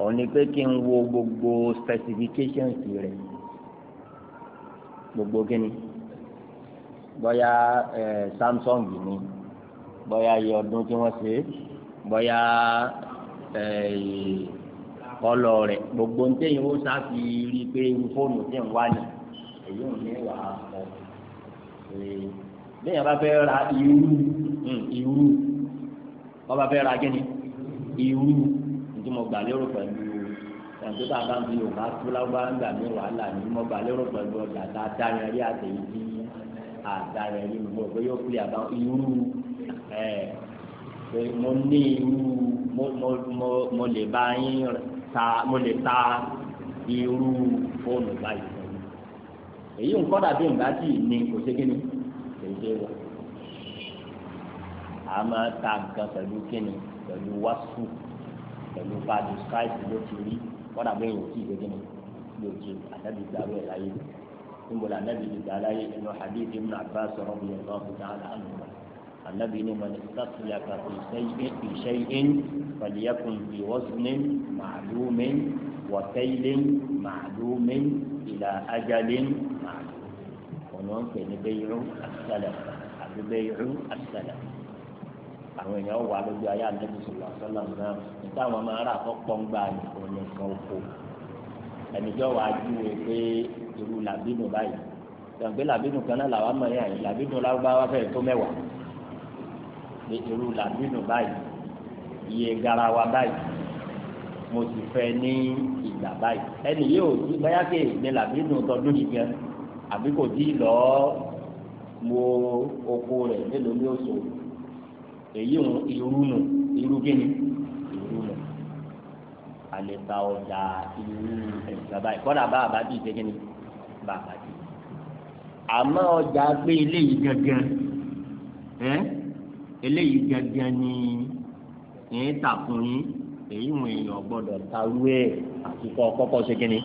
Speaker 1: òun ni pé kí n wo gbogbo specifications rẹ̀ gbogbo kíni bóyá ẹ Samsung ni bóyá iye ọdún tí wọ́n ṣe bóyá ẹ kọlọ rẹ̀ gbogbo ní tẹ̀yìn ó sáfi rí i pé fóònù tẹ̀ ń wá ní èyí ò ní wàá ọ̀ ẹ̀ lẹ́yìn bá fẹ́ ra irú hmm, irú wọ́n bá fẹ́ ra gẹ́ni irú nítorí mo gbà lérò pẹ̀lú ẹ̀ńtọ́ tá a bá ń fi yorùbá tó lágbá ń gbà mí wàhálà ní mo gbà lérò pẹ̀lú ọjà tá a dá yẹn rí àtẹ̀yí tí a dá yẹn rí mo gbé yóò pè àbá irú ẹ̀ pé mo ní irú mo mo mo mo lè bá yín ta mo lè ta irú fóònù báyìí èyí nǹkan dàbí nǹkan tí ì ní kò ṣe kí ni ṣe wọ a máa ta nǹkan pẹ̀lú kíni pẹ̀lú wáṣù pẹ̀lú bàdù sáìsì ló ti rí wọn àgbẹ̀ yìí ò tí ì gbé kíni lòdì ànábì dàrú ẹ̀ láyé níbo la ànábì ti dà láyé inú hadith ibn abbas radiyallahu ta'ala anhuma ànábì ni man istaslaka fi shay'in falyakun fi waznin ma'lumin wa kaylin ma'lumin ila ni wọ́n ń pè ní bẹ́yìrú as-salaf àbí bẹ́yìrú as-salaf àwọn èèyàn wà lójú ayé àdébí sọlá sọlá náà nígbà àwọn máa rà fọ́pọ́ ń gbà ní òní nǹkan oko ẹnìjọ́ wàá júwe pé irú làbínú báyìí gbàgbé làbínú kan náà làwọn mọ̀ ní àyè làbínú lárúbáwá fẹ́ẹ̀ tó mẹ́wàá pé irú làbínú báyìí iye garawa báyìí mo sì fẹ́ ní ìgbà báyìí ẹnì yìí ò sí báyà kéè ní làbínú tọdún yìí gan àbí kò tí ì lọ mo oko rẹ̀ mélòó ní oṣù èyí ń irú nù irú gíní irú nù àlèta ọjà irú ẹ̀sìn báyìí kọ́dà bá àbá bíi gẹ́gẹ́ni bá àbá bíi àmọ́ ọjà pé eléyìí gangan ẹ́ eléyìí gangan ni ẹ̀ ń tàkùn yín èyí wọn èèyàn gbọ́dọ̀ tarú ẹ̀ àti kọ́ kọ́kọ́ ṣe kínní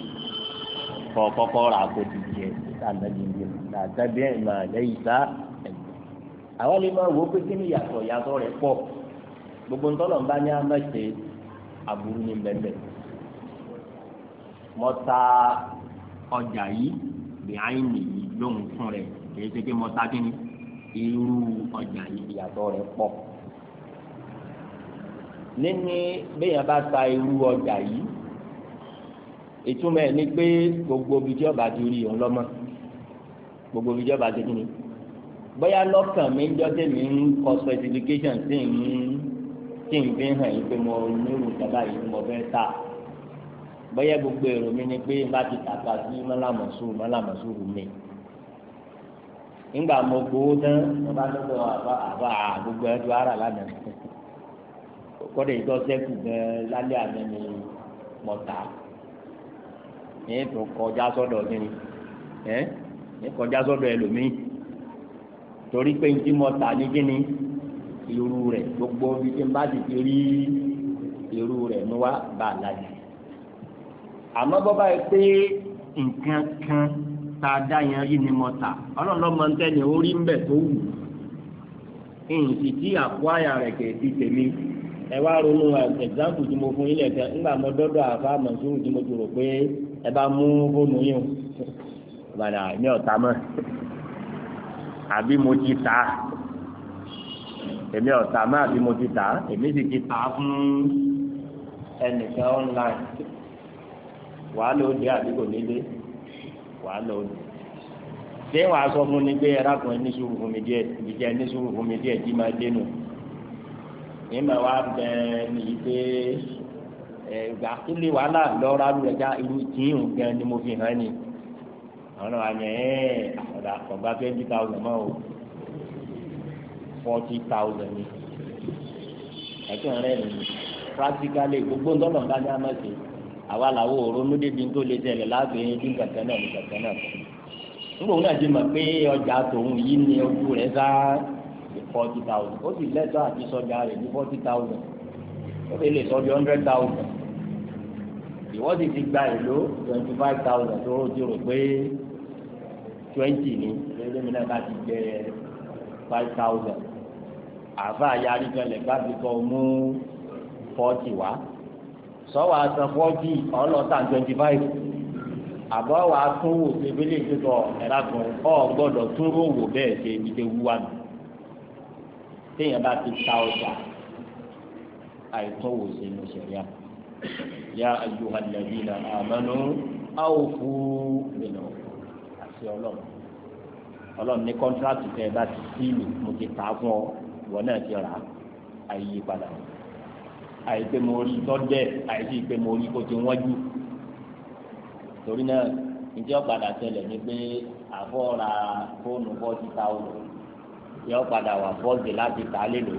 Speaker 1: kọ́ kọ́kọ́ rà kó ti tá nàbí ń bímọ tàbí ẹ̀ máa lẹ́yìn tá ẹ̀gbọ́n. àwọn lè máa wò ó pé kí ni yàtọ̀ yàtọ̀ rẹ̀ pọ̀ gbogbo ntọ́lọ̀ ń bá ní amẹ́sẹ̀ aburú ní bẹ́ẹ̀ mo ta ọjà yìí bí àìní yìí lóhùn fún rẹ̀ kì í ṣe pé mo ta kí irú ọjà yìí yàtọ̀ rẹ̀ pọ̀ níní bẹ́yàn bá ta irú ọjà yìí ìtumọ̀ ẹ̀ ni pé gbogbo ibi tí ọba ti rí òun lọ́mọ gbogbo ìjọba ti kí ni bóyá lọ́kàn mi ń jọ́sẹ̀ mi ń kọ specification sí ń tí ń fi hàn yín pé mo nírú ìjọba yìí mo fẹ́ tà bóyá gbogbo èrò mi ni pé bá ti tàka sí mọ́làmọ́sù mọ́làmọ́sù rù mí nígbà mo gbowó tán mo bá tó sọ àbá gbogbo ẹ tó ara lánàá kọ́dọ̀ yìí sẹ́kù gan lálẹ́ àná ni mo ní ètò kọjá sọ́dọ̀ mi ẹ́. Eh? ní kọjá sọ́dọ̀ ẹlòmíì torí pé ní tí mo tà ní kíni irú rẹ̀ gbogbo bí tí n bá ti rí irú rẹ̀ ní wá bá a lajì àmọ́ bọ́ báyìí pé nǹkan kan tá a dá yẹn rí ni mo tà ọlọ́run máa ń tẹ́lẹ̀ orí ń bẹ̀ tó wù nǹkan tí àpò àyà rẹ̀ kẹ̀ ti tèmi ẹ wá ronú ẹ̀gbáǹpù uh, tí mo fún yín lẹ̀kẹ́ ńgbà mo dọ́dọ̀ àfa mọ̀sùn tí mo ti rò pé ẹ bá mú fóònù yín o gbàdà ní ọ̀tá mọ́ àbí mo ti tà á èmi ọ̀tá mọ́ àbí mo ti tà èmi sì ti tà fún ẹnìkan online wàá lò ó dé àbí kò ní dé wàá lò ó dé ṣé wàá sọ fún mi pé arákùnrin ní sùúrù fún mi díẹ̀ ìjẹ́ ní sùúrù fún mi díẹ̀ jí máa dénú ìmọ̀ wa bẹ̀ẹ́ nìyí pé ẹ̀gbà kílé wàhálà lọ́ra lù ẹja irú tìǹ gan ni mo fi hàn ni àwọn náà wà ní ẹ ọ̀dà ọ̀gbà twenty thousand mọ́ o forty thousand ni ẹ̀kí ọ̀rẹ́ mi practically gbogbo ńlọ́nà bá dá má ṣe àwa làwọ̀ ronú débi tó lè tẹ̀lé lábẹ́ ẹbí kankan náà ní kankan náà nígbà wọn àti mọ̀ pé ọjà tòun yìí ni ojú rẹ̀ sá forty thousand ó sì lẹ́tọ́ àti sọ́jà rẹ̀ ní forty thousand ó lè lè sọ́jà hundred thousand ìwọ́n sì ti gba èlò twenty five thousand tó rò ti rò pé twenty ni lórí mi náà bá ti jẹ five thousand àfa yarí kan lè gbàgbé kan mú forty wá sọ́wọ́ asan forty ọlọ́tàn twenty five àbọ̀ wàá tún wò ṣe bí lè tó ẹ̀rá kan ọ̀ gbọ́dọ̀ tún rò wò bẹ́ẹ̀ ṣe ibi tẹ wúwa nù téèyàn bá ti ta ọjà àìtún wò ṣe ló ṣẹlẹ̀ yá ayyuhal ladina amanu awfu bil 'uqud àti ọlọ́run ọlọ́run ní kọ́ńtíráàtì tẹ ẹ bá ti sílù mo ti tà á fún ọ ìwọ náà ti rà á àyè padà àìpé mo pé mo rí kó torí náà ǹjẹ́ ọ̀padà tẹlẹ̀ ni pé àbọ̀ ra fóònù forty thousand yọ padà wà bọ́ọ̀dì láti ta lélo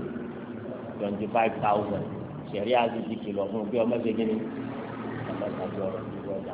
Speaker 1: twenty five thousand sẹ̀rí àti ti kìlọ̀ fún bí ọmọ ṣe gíní ọmọ ìtàjọ ọ̀rọ̀ ìwọ ìjà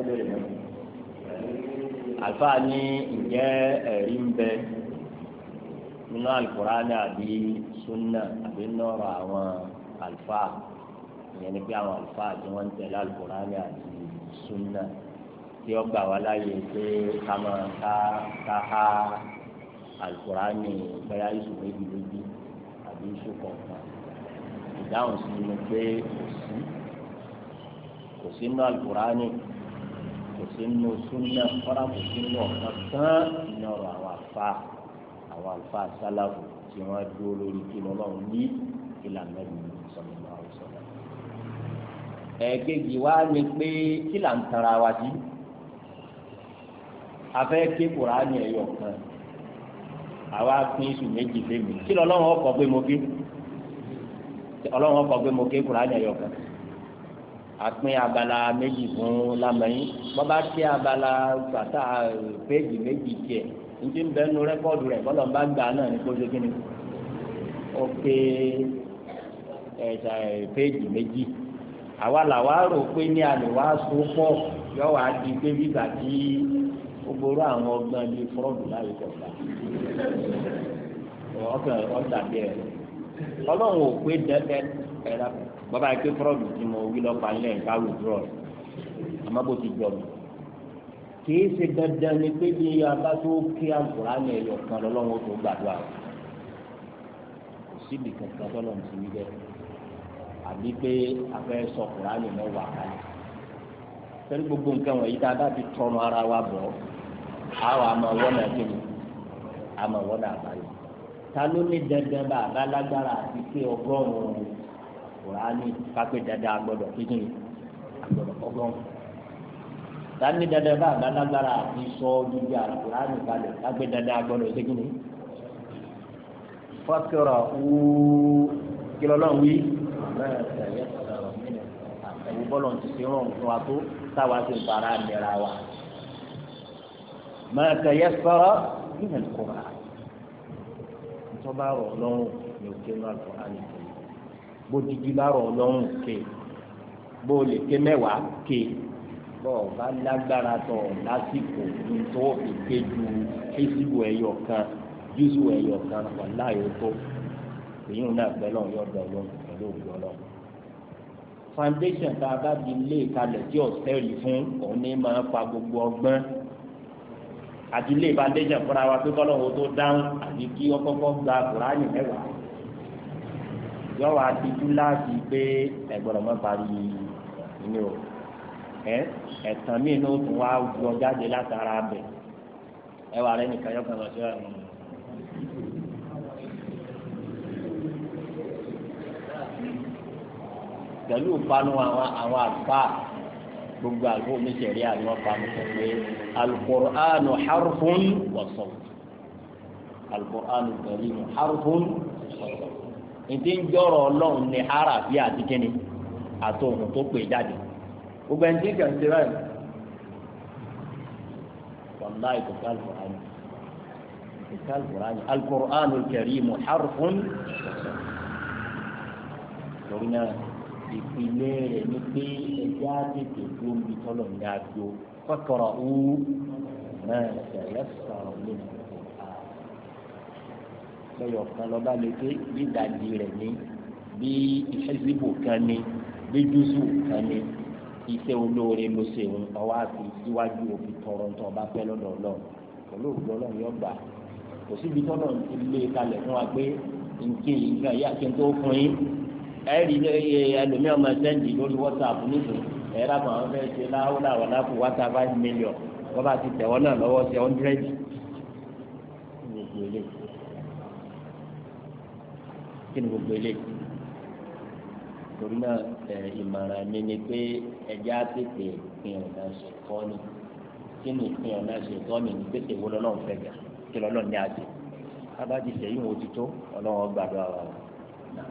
Speaker 1: tó lè mú àlùfáà ní ǹjẹ́ ẹ̀rí ń bẹ nínú alukurani àbí sunna àbí nọ́ọ̀rọ̀ àwọn àlùfáà ìyẹn ni pé àwọn àlùfáà tí wọ́n ń tẹ̀lé alukurani àti sunna tí ó gbà wá láàyè pé ká máa ká ká há alukurani bẹ́ẹ̀ iṣu méjì méjì àbí iṣu kọ̀ọ̀kan ìdáhùn sí ni pé kò sí kò sí nínú alukurani kò sí nínú súnà kọ́ra kò sí nínú ọ̀kan tán nínú ọ̀rọ̀ àwọn àfa àwọn àfa sálàfù tí wọ́n dúró lórí kí lọ́lọ́run ní ìlànà ìlú sọ̀rọ̀ náà sọ̀rọ̀. ẹ̀ẹ́dẹ́gì wá ní pé kí là ń tara wa jí afẹ́ ké kùránì ẹ̀yọ̀ kan àwa pín iṣu méjì lémi kí lọ́lọ́run ọkọ̀ pé mo ké ọlọ́run ọkọ̀ pé mo ké kùránì ẹ̀yọ̀ kan àpín abala méjì fún lamẹ́yìn bọ́ba tí abala gbàtà eh, péjì méjì tiẹ̀ ntí ń bẹnu rẹ́kọ́ọ̀dù rẹ̀ bọ́lọ̀ ń bá gbà náà ní kóso kínní ó pé ẹ̀ẹ́dà eh, eh, péjì méjì àwa làwa rò pé ní alẹ́ wa so pọ̀ yọ wá di pé bíbà tí ó gbóró àwọn ọgbọ́n bíi fúrọ́ọ̀dù láyé kọ̀ọ̀kan ọkàn ọ̀dàbí ẹ̀rọ ọlọ́run ò pé dẹ́gbẹ́ ẹ̀rọ bàbá yìí pé fúrọ́ọ̀dù tí mo wí lọ́pàá ńlẹ̀ ń káwé dúró rẹ̀ àmọ́ bó ti jọ mi. kìí ṣe dandan ni pé bí abá tó kí àgùrá ní ẹ̀yọ̀ kan lọ́lọ́wọ́ tó gbàdúrà rẹ̀ kò síbi kankan tọ́lọ̀ ti wí bẹ́ẹ̀ àbí pé afẹ́ sọ kùránì mọ́ wà kálí. pẹ̀lú gbogbo nǹkan wọ̀nyí tá a bá ti tọrọ ara wa bọ̀ á wà wọ́nà kíni á wọ́nà àbáyọ. ta ló ní dandan bá àbá lágbára àti pé ọgọ́rùn-ún alukurani kápẹ́ dada agbọ́dọ̀ kíkìn agbọ́dọ̀ kọ́gbọ́n tani dada bá agbalagbara àti sọ dídí alukurani balẹ̀ kápẹ́ dada agbọ́dọ̀ kíkìn fọkẹrọ wúú kílọlọ wí ẹwù bọlọ ti fi hàn fún wa tó táwa ti fara nira wa máa kẹyẹ sọ̀rọ̀ nínú ẹ̀kọ́ rà ntọ́ bá rọ̀ lọ́rùn ní òkè náà tó hàn ní bó dídí lárọ̀ ọlọ́run ké bó lè ké mẹ́wàá ké bọ́ ọ bá lágbára tọ̀ lásìkò tó ìké ju hísìbù ẹ̀yọ̀ kan júùsù ẹ̀yọ̀ kan wà láàyò tó èyí ń náà gbẹ́lọ̀ yọ̀ dọ̀ lọ́nà pẹ̀lú òwúrọ̀ lọ́nà foundation tá a bá di ilé ìkalẹ̀ tí ọ̀sẹ́ẹ̀lì fún òun ní máa fa gbogbo ọgbọ́n àti ilé foundation fúnra wa pé kọ́lọ́wọ́ tó dáhùn àti kí ọkọ́kọ́ gba kùránì mẹ́wàá yọ wá dijú láti pé ẹ̀gbọ́dọ̀ mọ́ parí inú o ẹ̀tàn míì ló tún wá wọ jáde látara bẹ̀ ẹ wà rẹ nìkan yọ kàn lọ sí ọ̀run. pẹ̀lú ìpanu àwọn àwọn àlùfáà gbogbo àlùfáà oníṣẹ̀rí àwọn panu sọ pé alukur'anu harfun wa sawt alukur'anu karimu harfun ìdí ń jọrọ ọlọ́run ní ara bí àdìgẹ́ni àti ohun tó pè jáde gbogbo ẹni tí kàn ń ṣe báyìí wàláì kò ká alukóraní kò ká alukóraní alukóraní kẹrìmù harfun lórí náà ìpìlẹ̀ rẹ̀ ni pé ẹja tètè dóbi tọ́lọ̀ ní adó kọ́kọ́rọ̀ ó náà ṣẹlẹ̀ sọ̀rọ̀ lónìí pẹ̀yọ̀ kan lọ́ba lè ké bí ìdajì rẹ̀ ní bí ìṣẹ́síbò kan ní bí júùsù kan ní iṣẹ́ olóore ló ṣe ń ọwọ́ àti síwájú òfin tọrọ ń tọ́ ọba pẹ́ lọ́dọ̀ ọlọ́run pẹ̀lú òkú ọlọ́run yóò gbà kò síbi tọ́lọ̀ ti lé e kalẹ̀ fún wa pé nké nǹkan yá kí n tó fún yín ẹ̀rí ẹlòmíọ̀ máa sẹ́ǹdì lórí wọ́tsáàpù nìkan ẹ̀rọ àwọn àwọn fẹ́ẹ́ ṣe láwùlà wà láàpù wọ́tsáàpù five million wọ́n bá ti tẹ̀wọ́ náà lọ́wọ́ ṣe hundred kí ni gbogbo eléyìí torí náà ẹ ìmọ̀ràn mi ni pé ẹja tètè pin ọ̀nà ṣètọ́ ni kí ni pin ọ̀nà ṣètọ́ ni ní pèsè wo lọ́lọ́run fẹ́ gà kí lọ́lọ́run ní àjẹ abájí sẹ́yìn wo ti tó ọlọ́run gbàdúrà wa náà.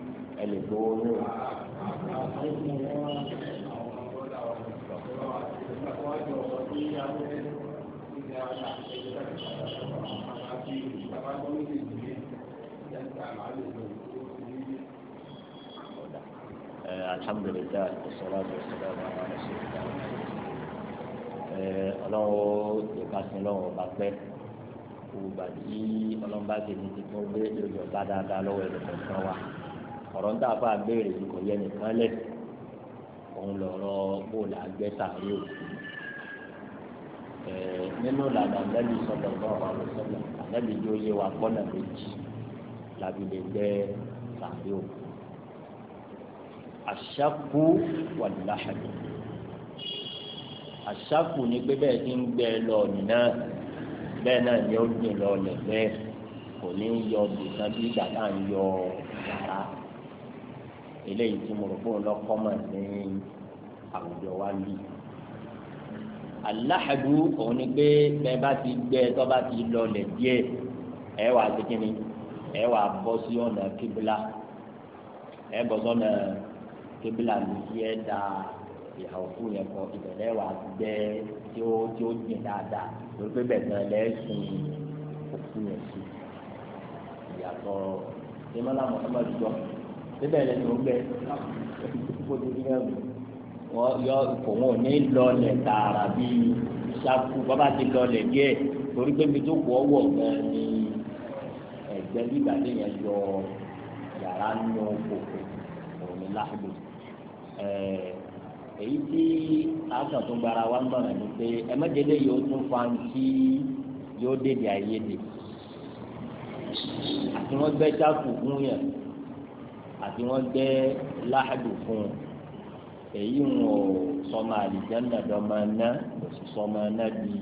Speaker 1: ẹ lè gbowó ní o. alhamdulilayi wasalaatu wasalaamu ala rasulillah ọlọ́run ìbásin lọ́wọ́ ọba pẹ́ òwúgbà tí ọlọ́run bá gbé ní títún gbé lójú ọba dáadáa lọ́wọ́ ẹ̀rọ kọ̀ọ̀kan wa ọ̀rọ̀ ń dàbà béèrè kò yẹ nìkan lẹ̀ òun lọ̀rọ̀ bóòlù àgbẹ̀ta yóò fi nínú ìlànà ànábì sọlọ lọrọ àwọn sọlọ ànábì yóò yé wa gbọ́nà méjì làbí lè gbẹ sàbíò àṣàkù wà láhàbì àṣàkù ni pé bẹ́ẹ̀ ti ń gbẹ lọ́ọ̀nì náà bẹ́ẹ̀ náà ni ó gbìn lọ́ọ̀lẹ̀ bẹ́ẹ̀ kò ní yọ bìkan bí bàtà ń yọ yàrá eléyìí tí mo rò fún lọ́kọ́ mọ̀ ní àwùjọ wa bí. aláhàdú òun ni pé bẹ́ẹ̀ bá ti gbẹ tó bá ti lọlẹ̀ díẹ̀ ẹ wà sékìní ẹ wà bọ́ sí ọ̀nà kíbílà ẹ bọ́ sọ́nà kíbílà ní kí ẹ da ìyàwó fún yẹn kọ ìbẹ̀rẹ̀ wà gbẹ tí ó tí ó jìn dáadáa lórí pé bẹ́ẹ̀ náà lẹ́sùn òkú yẹn sí ìyàtọ̀ ìmọ̀lá mọ̀tọ́mọ́ ìjọ síbẹ̀ lẹ́nu ọgbẹ́ ìdókòtò ìdílé wọn yọ kò wọn ò ní lọlẹ̀ tààrà bíi ìṣàkú bàbá ti lọlẹ̀ díẹ̀ torí pé bíi tó kù ọwọ́ gan ni ẹgbẹ́ bíbá lè yẹn yọ yàrá nù kòkò òun ni láàbù èyí tí àkàn tó gbára wa ń bọ̀rọ̀ ni pé ẹ̀mẹ́jẹ̀lẹ́ yóò tún fa yóò dédé ayé de àti wọ́n gbẹ́ sáàkù fún yẹn àti wọ́n gbé láàdù fún un èyí ń wò sọmọ àlìjánná dọ́mọ ná kò sì sọmọ ná bí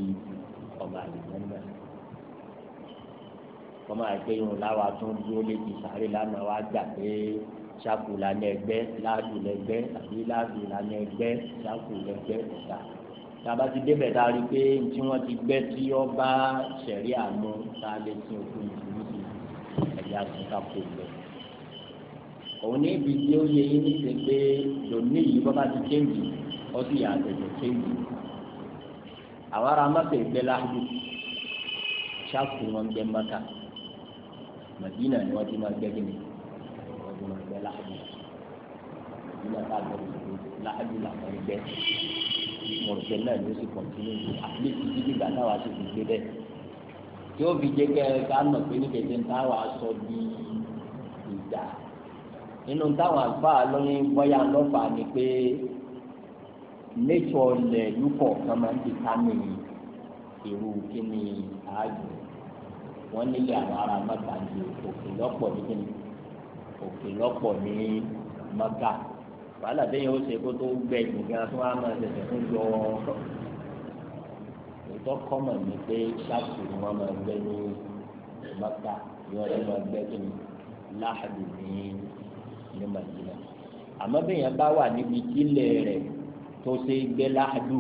Speaker 1: ọmọ àlìjánná kọ́mọ àgbẹ̀ yìí láwa tún dúró léjì sáré lánàá wá gbà pé ṣáàkù lànà ẹgbẹ́ láàdù lẹ́gbẹ́ àbí láàdù lànà ẹgbẹ́ ṣáàkù lẹ́gbẹ́ ọ̀tá tàbá ti débẹ̀ tá a rí i pé tí wọ́n ti gbẹ́ tí ó bá ṣẹ̀rí àmú tá a lè sin òkú ìdílé ẹ̀yà tó ká kó lẹ́gbẹ́ òun ní ibi tí ó yẹ yín ní ṣe pé lòní yìí bọ́ bá ti kéwì ó sì yà àtẹ̀jẹ̀ kéwì àwọn ará mọ́tò ìgbẹ́ láàbù ṣáàpù wọn gbẹ mọ́tà màdínà ni wọ́n ti máa gbẹ́ gíní wọ́n ti máa gbẹ́ láàbù màdínà tá a gbẹ́ gbogbo láàbù làwọn gbẹ́ mọ̀rọ̀kẹ́ náà ni ó sì kọ̀ntínú ní àpilẹ̀tì títí gbà táwa ti fi gbé bẹ́ẹ̀ tí ó fi jẹ́ kẹ́ ẹ ká mọ̀ pé níbi ẹ̀jẹ̀ ń táwa sọ di ìjà nínú táwọn àlùfáà lórí bọ́yá lọ́fà ni pé nature ọ̀lẹ̀ lúkọ̀ kan máa ń di kánú irú kí ni ààyò wọ́n nílé àwọn ará mọ́ta ní òkè lọ́pọ̀ ní kíni òkè lọ́pọ̀ ní mọ́ta wàhálà bẹ́yẹn ó ṣe kó tó gbẹ ìgbìngàn tó wá máa ṣẹ̀ṣẹ̀ fún yọ ètò kọ́mọ̀ ní pé ṣáàpù ni wọ́n máa gbẹ ní mọ́ta ni wọ́n ti máa gbẹ kíni láàbì ní ní Madina àmọ́ bí yẹn bá wà níbi ilẹ̀ rẹ̀ tó ṣe gbé láàdù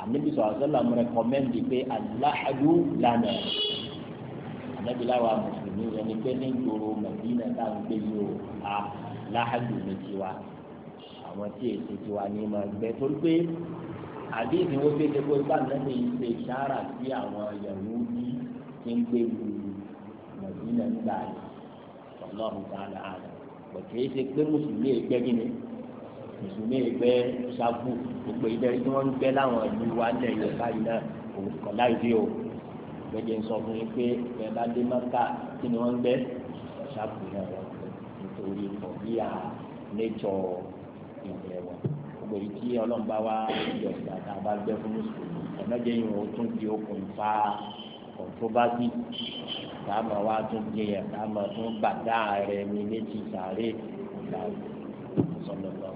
Speaker 1: ànábi sọ̀rọ̀ sọ́lá mo rẹ̀kọ́mẹ́ndì pé aláàdù lànà ànábi láwa mùsùlùmí yẹn ni pé ní ìgboro Madina tá à ń gbé yìí o a láàdù ní tiwa àwọn tí èsì tiwa ní ma gbẹ torí pé àdéhùn wo ṣe ṣe ipá nàbẹ yìí ṣe sára sí àwọn Yahudi tí ń gbé lu Madina nígbà yìí ọlọ́run tá a lè àná pẹ̀kẹ́ ṣe pé mùsùlùmí ẹgbẹ́ kí ni mùsùlùmí ẹgbẹ́ ṣáfù gbogbo ìdẹ́rẹ́ tí wọ́n ń gbẹ́ láwọn ìlú wa ń lẹ̀ yorùbá yìí náà òun kọ̀ láì dé o gbẹ̀jẹ̀ sọ fún yín pé ẹ bá dé mọ́ká kí ni wọ́n ń gbẹ́ ṣáfù náà wọ́n gbẹ́ nítorí ọ̀bíà nẹ́tọ̀ ìbẹ̀rẹ̀ wọn gbogbo èyí tí ọlọ́run bá wá ìjọ ìgbà tá a bá gbẹ́ fún mùsùlùmí ẹ̀mẹ́jẹ̀ táàmù wa tún jẹ yẹn táàmù tún gbàdá rẹ mi létí sàárè ìlànà sọlọ lọ.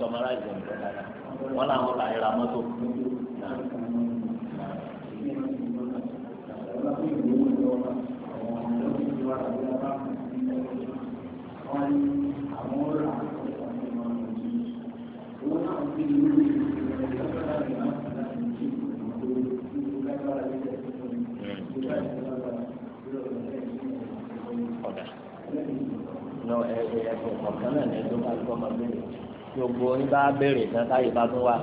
Speaker 1: sọmọláìsì ọ̀dọ́ dáadáa wọ́n làwọn bá ra mọ́tò gbogbo yín bá bẹ̀rẹ̀ tán táyé bá tún wà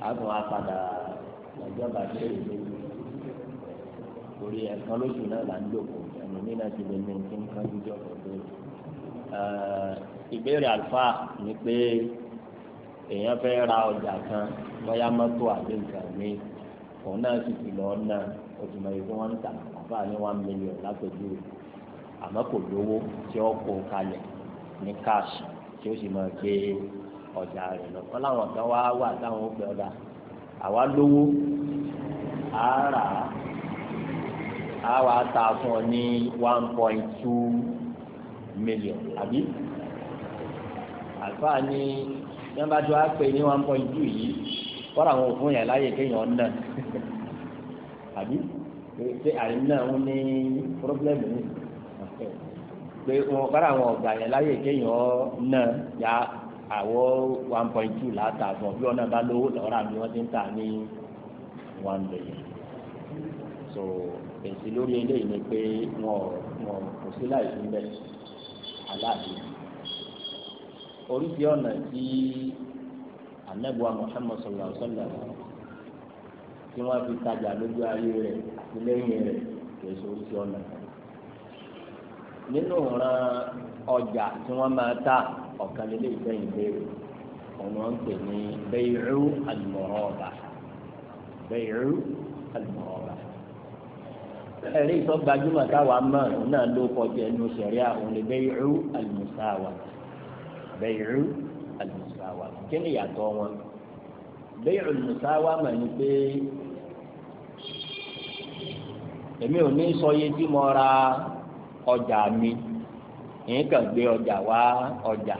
Speaker 1: á tún wá padà ìjọba bẹ̀rẹ̀ lórí torí ẹ̀kan lóṣù náà là ń lòkò ẹ̀mí mi náà ti lè ní kí n kán jíjọ pọ̀ bẹ́ẹ̀. ìbéèrè àlùfáà ni pé èèyàn fẹ́ ra ọjà kan bóyá mọ́tò àbí nǹkan mi òun náà sì ti lọ ọ́nà oṣù mẹ́rin tí wọ́n ń tà àfáà ní one million lápẹ̀jú àmọ́ kò lówó tí ó kó kalẹ̀ ní káàṣì tí ó sì máa gbé ọjà rẹ̀ lọ wọn làwọn kan wá wà táwọn ó pè àwa lówó á rà ta fún ọ ní one point two million àbí àlùfáà ní yọmba tó pè ní one point two yìí kọ́ra àwọn òfin yẹn láyè kéèyàn nà àbí pé àìní ń ní pírọ́blẹ́mù ní pé wọn kára àwọn ọ̀gá yẹn láyè kéèyàn náà ya àwọ̀ one point two láta fún ọ bí wọn náà bá lówó lọ́ra mi wọ́n ti ń tà ní one million so èsì lórí eléyìí ni pé wọn wọn kò sí láì fún bẹ́ẹ̀ aláàbí oríṣi ọ̀nà tí anabuwa muhammad sallallahu alaihi sallam tí wọ́n fi tajà lójú ayé rẹ̀ àti lẹ́yìn rẹ̀ kò sí oríṣi ọ̀nà kan. nínú ran ọjà tí wọ́n máa ta ọ̀kan lè gbẹ̀yìn léèrè òun wọ́n pè ní bẹ́ẹ̀rù àlùmọ̀rọ̀ọ̀bà bẹ́ẹ̀rù àlùmọ̀rọ̀ọ̀bà. ẹ̀rí ìtọ́ gbajúmọ̀ táwa mọ̀ òun náà ló kọjá ẹnu sẹ̀ríà òun lè bẹ́ẹ̀rù àlùmùsáwà bẹ́ẹ̀rù àlùmùsáwà kí ni ìyàtọ̀ wọn bẹ́ẹ̀rù àlùmùsáwà mọ̀ ní pé èmi ò ní sọ tí mo ra ọjà mi èyí kàn gbé ọjà wá ọjà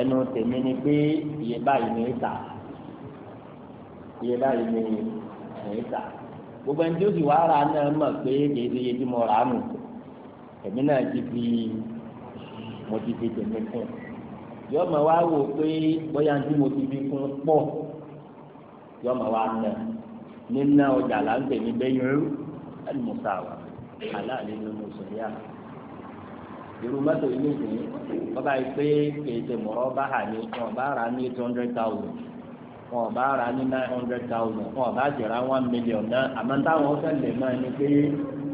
Speaker 1: ẹnu tèmi ni pé iye báyìí ni tà iye báyìí ni ni tà gbogbo ẹni tí ó sì wá ra náà mọ̀ pé kì í ṣe iye tí mo rà á nù èmi náà ti fi mo ti fi tèmi fún yọ ma wá wò pé bóyá ní mo ti fi kún pọ̀ yọ ma wá nà nínú ọjà là ń tẹ̀lé bẹ́yìn ẹni mo sà wá aláàlẹ́ ní mùsùlùmí à irú mọ́tò yìí nìyí wọ́n bá yìí pé kéde mọ̀rọ́ bá hà ní wọn bá rà ní two hundred thousand wọn bá rà ní nine hundred thousand wọn bá jẹ̀rà one million náà àmọ́ táwọn sẹ́lẹ̀ náà ni pé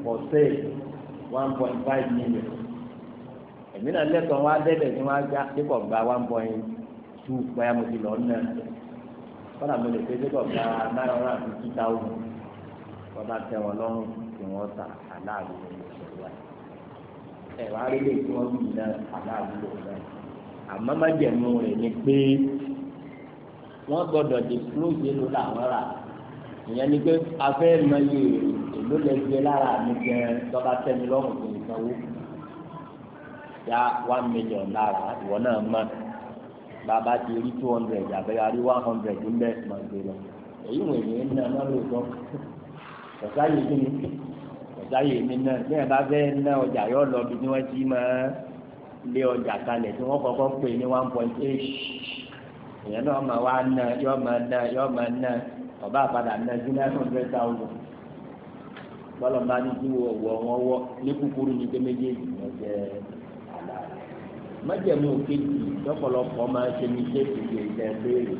Speaker 1: for sale one point five million èmi náà lẹ́tọ̀ọ́ wọn adẹ́dẹ̀ tí wọ́n á gbá dípò gba one point two báyà mo ti lọ náà kọ́nà mi lè pé dípò gba nine hundred and fifty thousand wọ́n bá tẹ̀ wọ́n lọ́rùn tí wọ́n tà aláàbò lórí ìṣòro wa ẹ̀ wá rí lè tí wọ́n bì náà aláàbò lórí náà àmọ́ májẹ̀mú rẹ̀ ni pé wọ́n gbọ́dọ̀ disclose èlò làwọn rà ìyẹn ni pé afẹ́ mọ iye èlò lè gbé lára mi jẹ tọ́ba tẹ́mi lọ́rùn kò ní sanwó ya one million lára ìwọ náà mọ̀ bàbá ti rí two hundred àbẹ́yà rí one hundred ń bẹ́ẹ̀ máa gbé lọ èyí wọ̀nyí ń ná lọ́rùn ìtọ́ ọ̀sá yìí kí ni ọjà yìí mi náà bí ẹ bá fẹ́ ná ọjà yọ lọ bí ni wọ́n ti máa lé ọjà kalẹ̀ tí wọ́n kọ́kọ́ pè ní one point eight èèyàn náà máa wá ná yọ máa ná yọ máa ná ọba àpàdà ná sí nine hundred thousand bọ́lá bá ní kí wọ́n wọ wọn wọ́ ní kúkúrú ní pé méjèèjì ní ọjọ́ àlá májẹ̀mú òkèjì lọ́pọ̀lọpọ̀ máa ṣe ní ṣéèkì ìgbésẹ̀ béèrè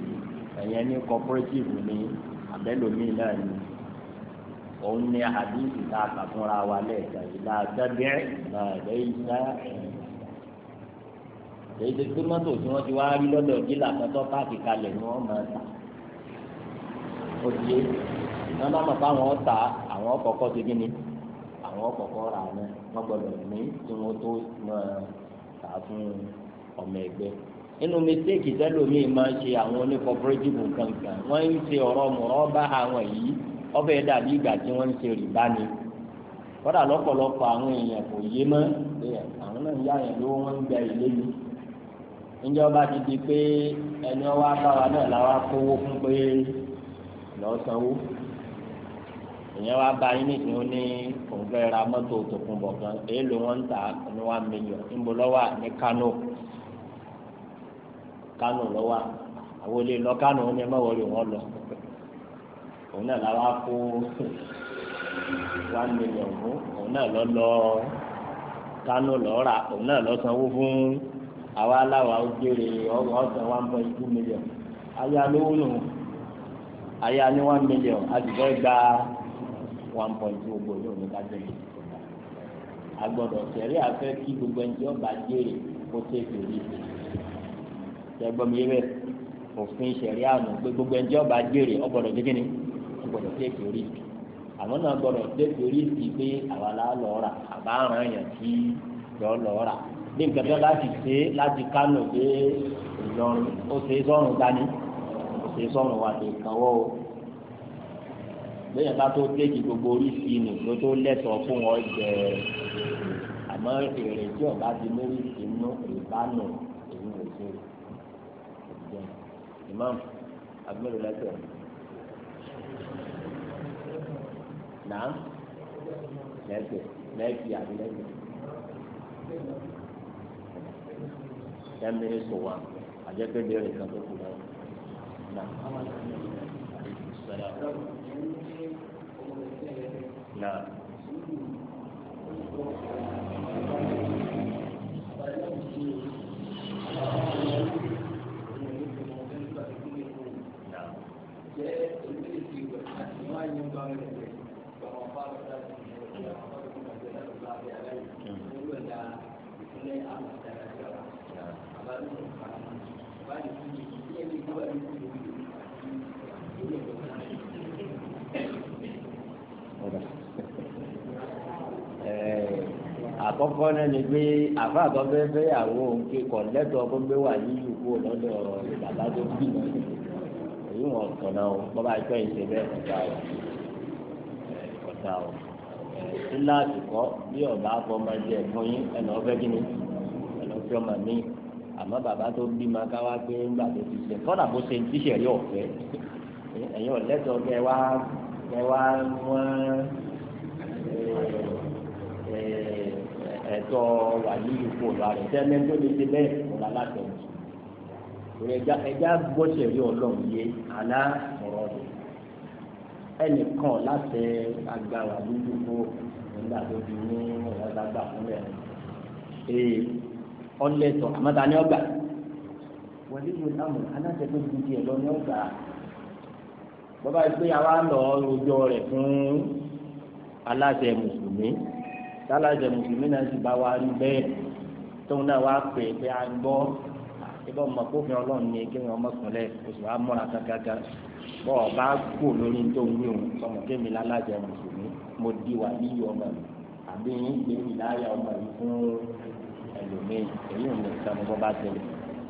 Speaker 1: ẹ̀yẹn ní cooperative ní abẹ́lòmíì náà ní òun ni àdúgbò tá a kà fúnra wa lẹ́ẹ̀kan yìí náà dábìrì náà lẹ́yìn sá ẹ̀yìn. èyí tó mọ́tò tí wọ́n ti wá rí lọ́dọ̀ dílà kan tó páàkì kalẹ̀ ni wọ́n máa tà. ó di é wọ́n bá mọ̀ fáwọn ọ̀tà àwọn ọ̀kọ̀ọ̀kọ̀ ti gbìn ní àwọn ọ̀kọ̀ọ̀kọ̀ rà ní wọ́n gbọ́dọ̀ ní tí wọ́n tó máa tà fún ọmọ ẹgbẹ́ inú mistake tẹ́lómi máa ń ṣe àwọn oní cooperative kankan wọ́n ń ṣe ọ̀rọ̀ mọ̀rọ̀ bá àwọn yìí ọbẹ̀ dàbí ìgbà tí wọ́n ń ṣe rìbá ni kọ́dà lọ́pọ̀lọpọ̀ àwọn èèyàn kò yé mọ́ àwọn náà ń yá yẹn lówó wọ́n ń gba ìlé mi ǹjẹ́ ọba ti di pé ẹni ọwọ́ abáwa náà la wá fún pé lọ́ọ́ ìyẹn wá bá yín nìkan ní òun ra mọ́tò tòkunbọ̀ kan èyí ló wọ́n ń ta ní one million níbo lọ́wọ́ ní Kano Kano lọ́wọ́ àwọn olè lọ Kano ní ẹ má wọlé wọn lọ òun náà làwọn akó one million fún òun náà lọ lọ kánú lọ rà òun náà lọ sanwó fún àwa aláwa ojúre ọsàn one point two million ayé alówó nù ayé ani one million àdìgbò gba one point two gbòòrò ní òun ká tẹ̀lé agbọ́dọ̀ sẹrí afẹ kí gbogbo ẹni tí ọba jèrè e kó tètè rí tẹgbọmi yẹ bẹ òfin sẹrí àná pé gbogbo ẹni tí ọba jèrè ọgbọ́dọ̀ e, jẹ gbọ́dọ̀ tẹkì orí ìbí àwọn náà gbọ́dọ̀ tẹkì orí ìbí pé àwa la lọ rà àbá ràn yàn kí lọ lọ rà bí nǹkan tó láti ṣe láti kánò dé Ìlọrin ó ṣe sọrùn dání ó ṣe sọrùn wà lè kànwọ́ o lẹ́yìn bá tó tẹkì gbogbo orí ìbí nì ló tó lẹ́tọ̀ọ́ fún wọn jẹ àmọ́ èrè tí ọba ti lórí ìbínú ìbánu èyí ò ṣe ìjẹun ìmọ̀ àgbẹ̀rẹ̀ lẹ́tọ̀ọ́. náà lẹ́gbẹ̀ lẹ́gbẹ̀ àbí lẹ́gbẹ̀ ten minutes to one àjẹpẹ́ bẹ́ẹ̀rẹ̀ kan tó kù lọ́wọ́ náà náà. àkọ́kọ́ náà ni pé àfa àkọ́kọ́ fẹ́ yàwó òǹkè kọ̀ lẹ́tọ̀ ọkọ́ gbé wà yíyù kú lọ́dọ̀ bàbá tó bí èyí wọn kọ̀ náà o bọ́ba ìjọ ìṣe bẹ́ẹ̀ kọ̀tà o kọ̀tà o kíláàsì kọ́ bí ọba afọmọdé ẹ̀fọn yín ẹ̀nà ọ̀fẹ́ kínní ẹ̀nà ọ̀fẹ́ ọmọ mi àmọ́ bàbá tó bí ma ká wá pé ńgbà tó ti ṣe kọ́nà bó ṣe ń ọ̀fẹ́ ẹ̀yin ọ̀lẹ́tọ̀ kẹ wá wọ́n. sọ wàlí ipò lára ìtẹ́lẹ̀ tó lè ṣe bẹ́ẹ̀ kó la láti ọ̀tún ìrẹ̀jà ẹja gbọ́sẹ̀ rí ọlọ́run yé àlá ọ̀rọ̀ rẹ̀ ẹnìkan láti agbára lójúkó nígbà tó di ní ọ̀làdàgbà fúnlẹ̀ ee ọlẹ́tọ̀ àmọ́ta ni ọgbà wọlé ìwé táwọn aláṣẹ tó di tiẹ̀ lọ ní ọgbà bọ́bá ìgbéyàwó àlọ́ rojọ́ rẹ̀ fún aláṣẹ mùsùlùmí tálàjẹ mùsùlùmí náà sì bá wa rí bẹ́ẹ̀ tóun náà wá pè pé a gbọ́ ìbọn mọ̀ kó fi ọlọ́run ní kí wọ́n mọ̀kànlẹ̀ oṣù wa múra gágágá bọ́ ọ bá kú lórí tó ń wí òun sọmọ kémi lálàjẹ mùsùlùmí mo di wà níyì ọmọ mi àbí yín gbé ìláyà ọmọ mi fún ẹlòmíì èyí ò ní ìsọmọ bọ́ bá tẹ̀lé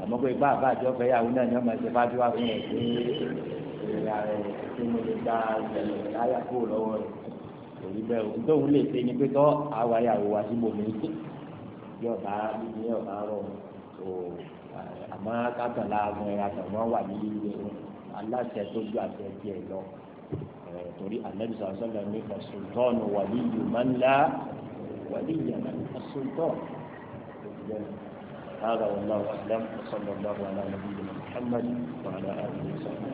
Speaker 1: àmọ́ pé bá àbá àjọ fẹ́ yàwó náà ni ọmọ ẹ̀sẹ̀ bá ti fún ẹ̀ rí bẹ́ẹ̀ o tóun lè ṣe ni pé tọ́ àwa yà wò wá síbò mí yóò bá bíbí yóò bá rọ o àmọ́ kákan láàbùn ẹ̀rọ àtàwọn wà ní ilé aláṣẹ tó ju àṣẹ tiẹ̀ lọ torí anabi sọ̀rọ̀ sọ̀rọ̀ ní fasultọ́ọ̀nù wàlí yomanda wàlí yomanda fasultọ́ọ̀nù. هذا والله أعلم وصلى الله على نبينا محمد وعلى آله وصحبه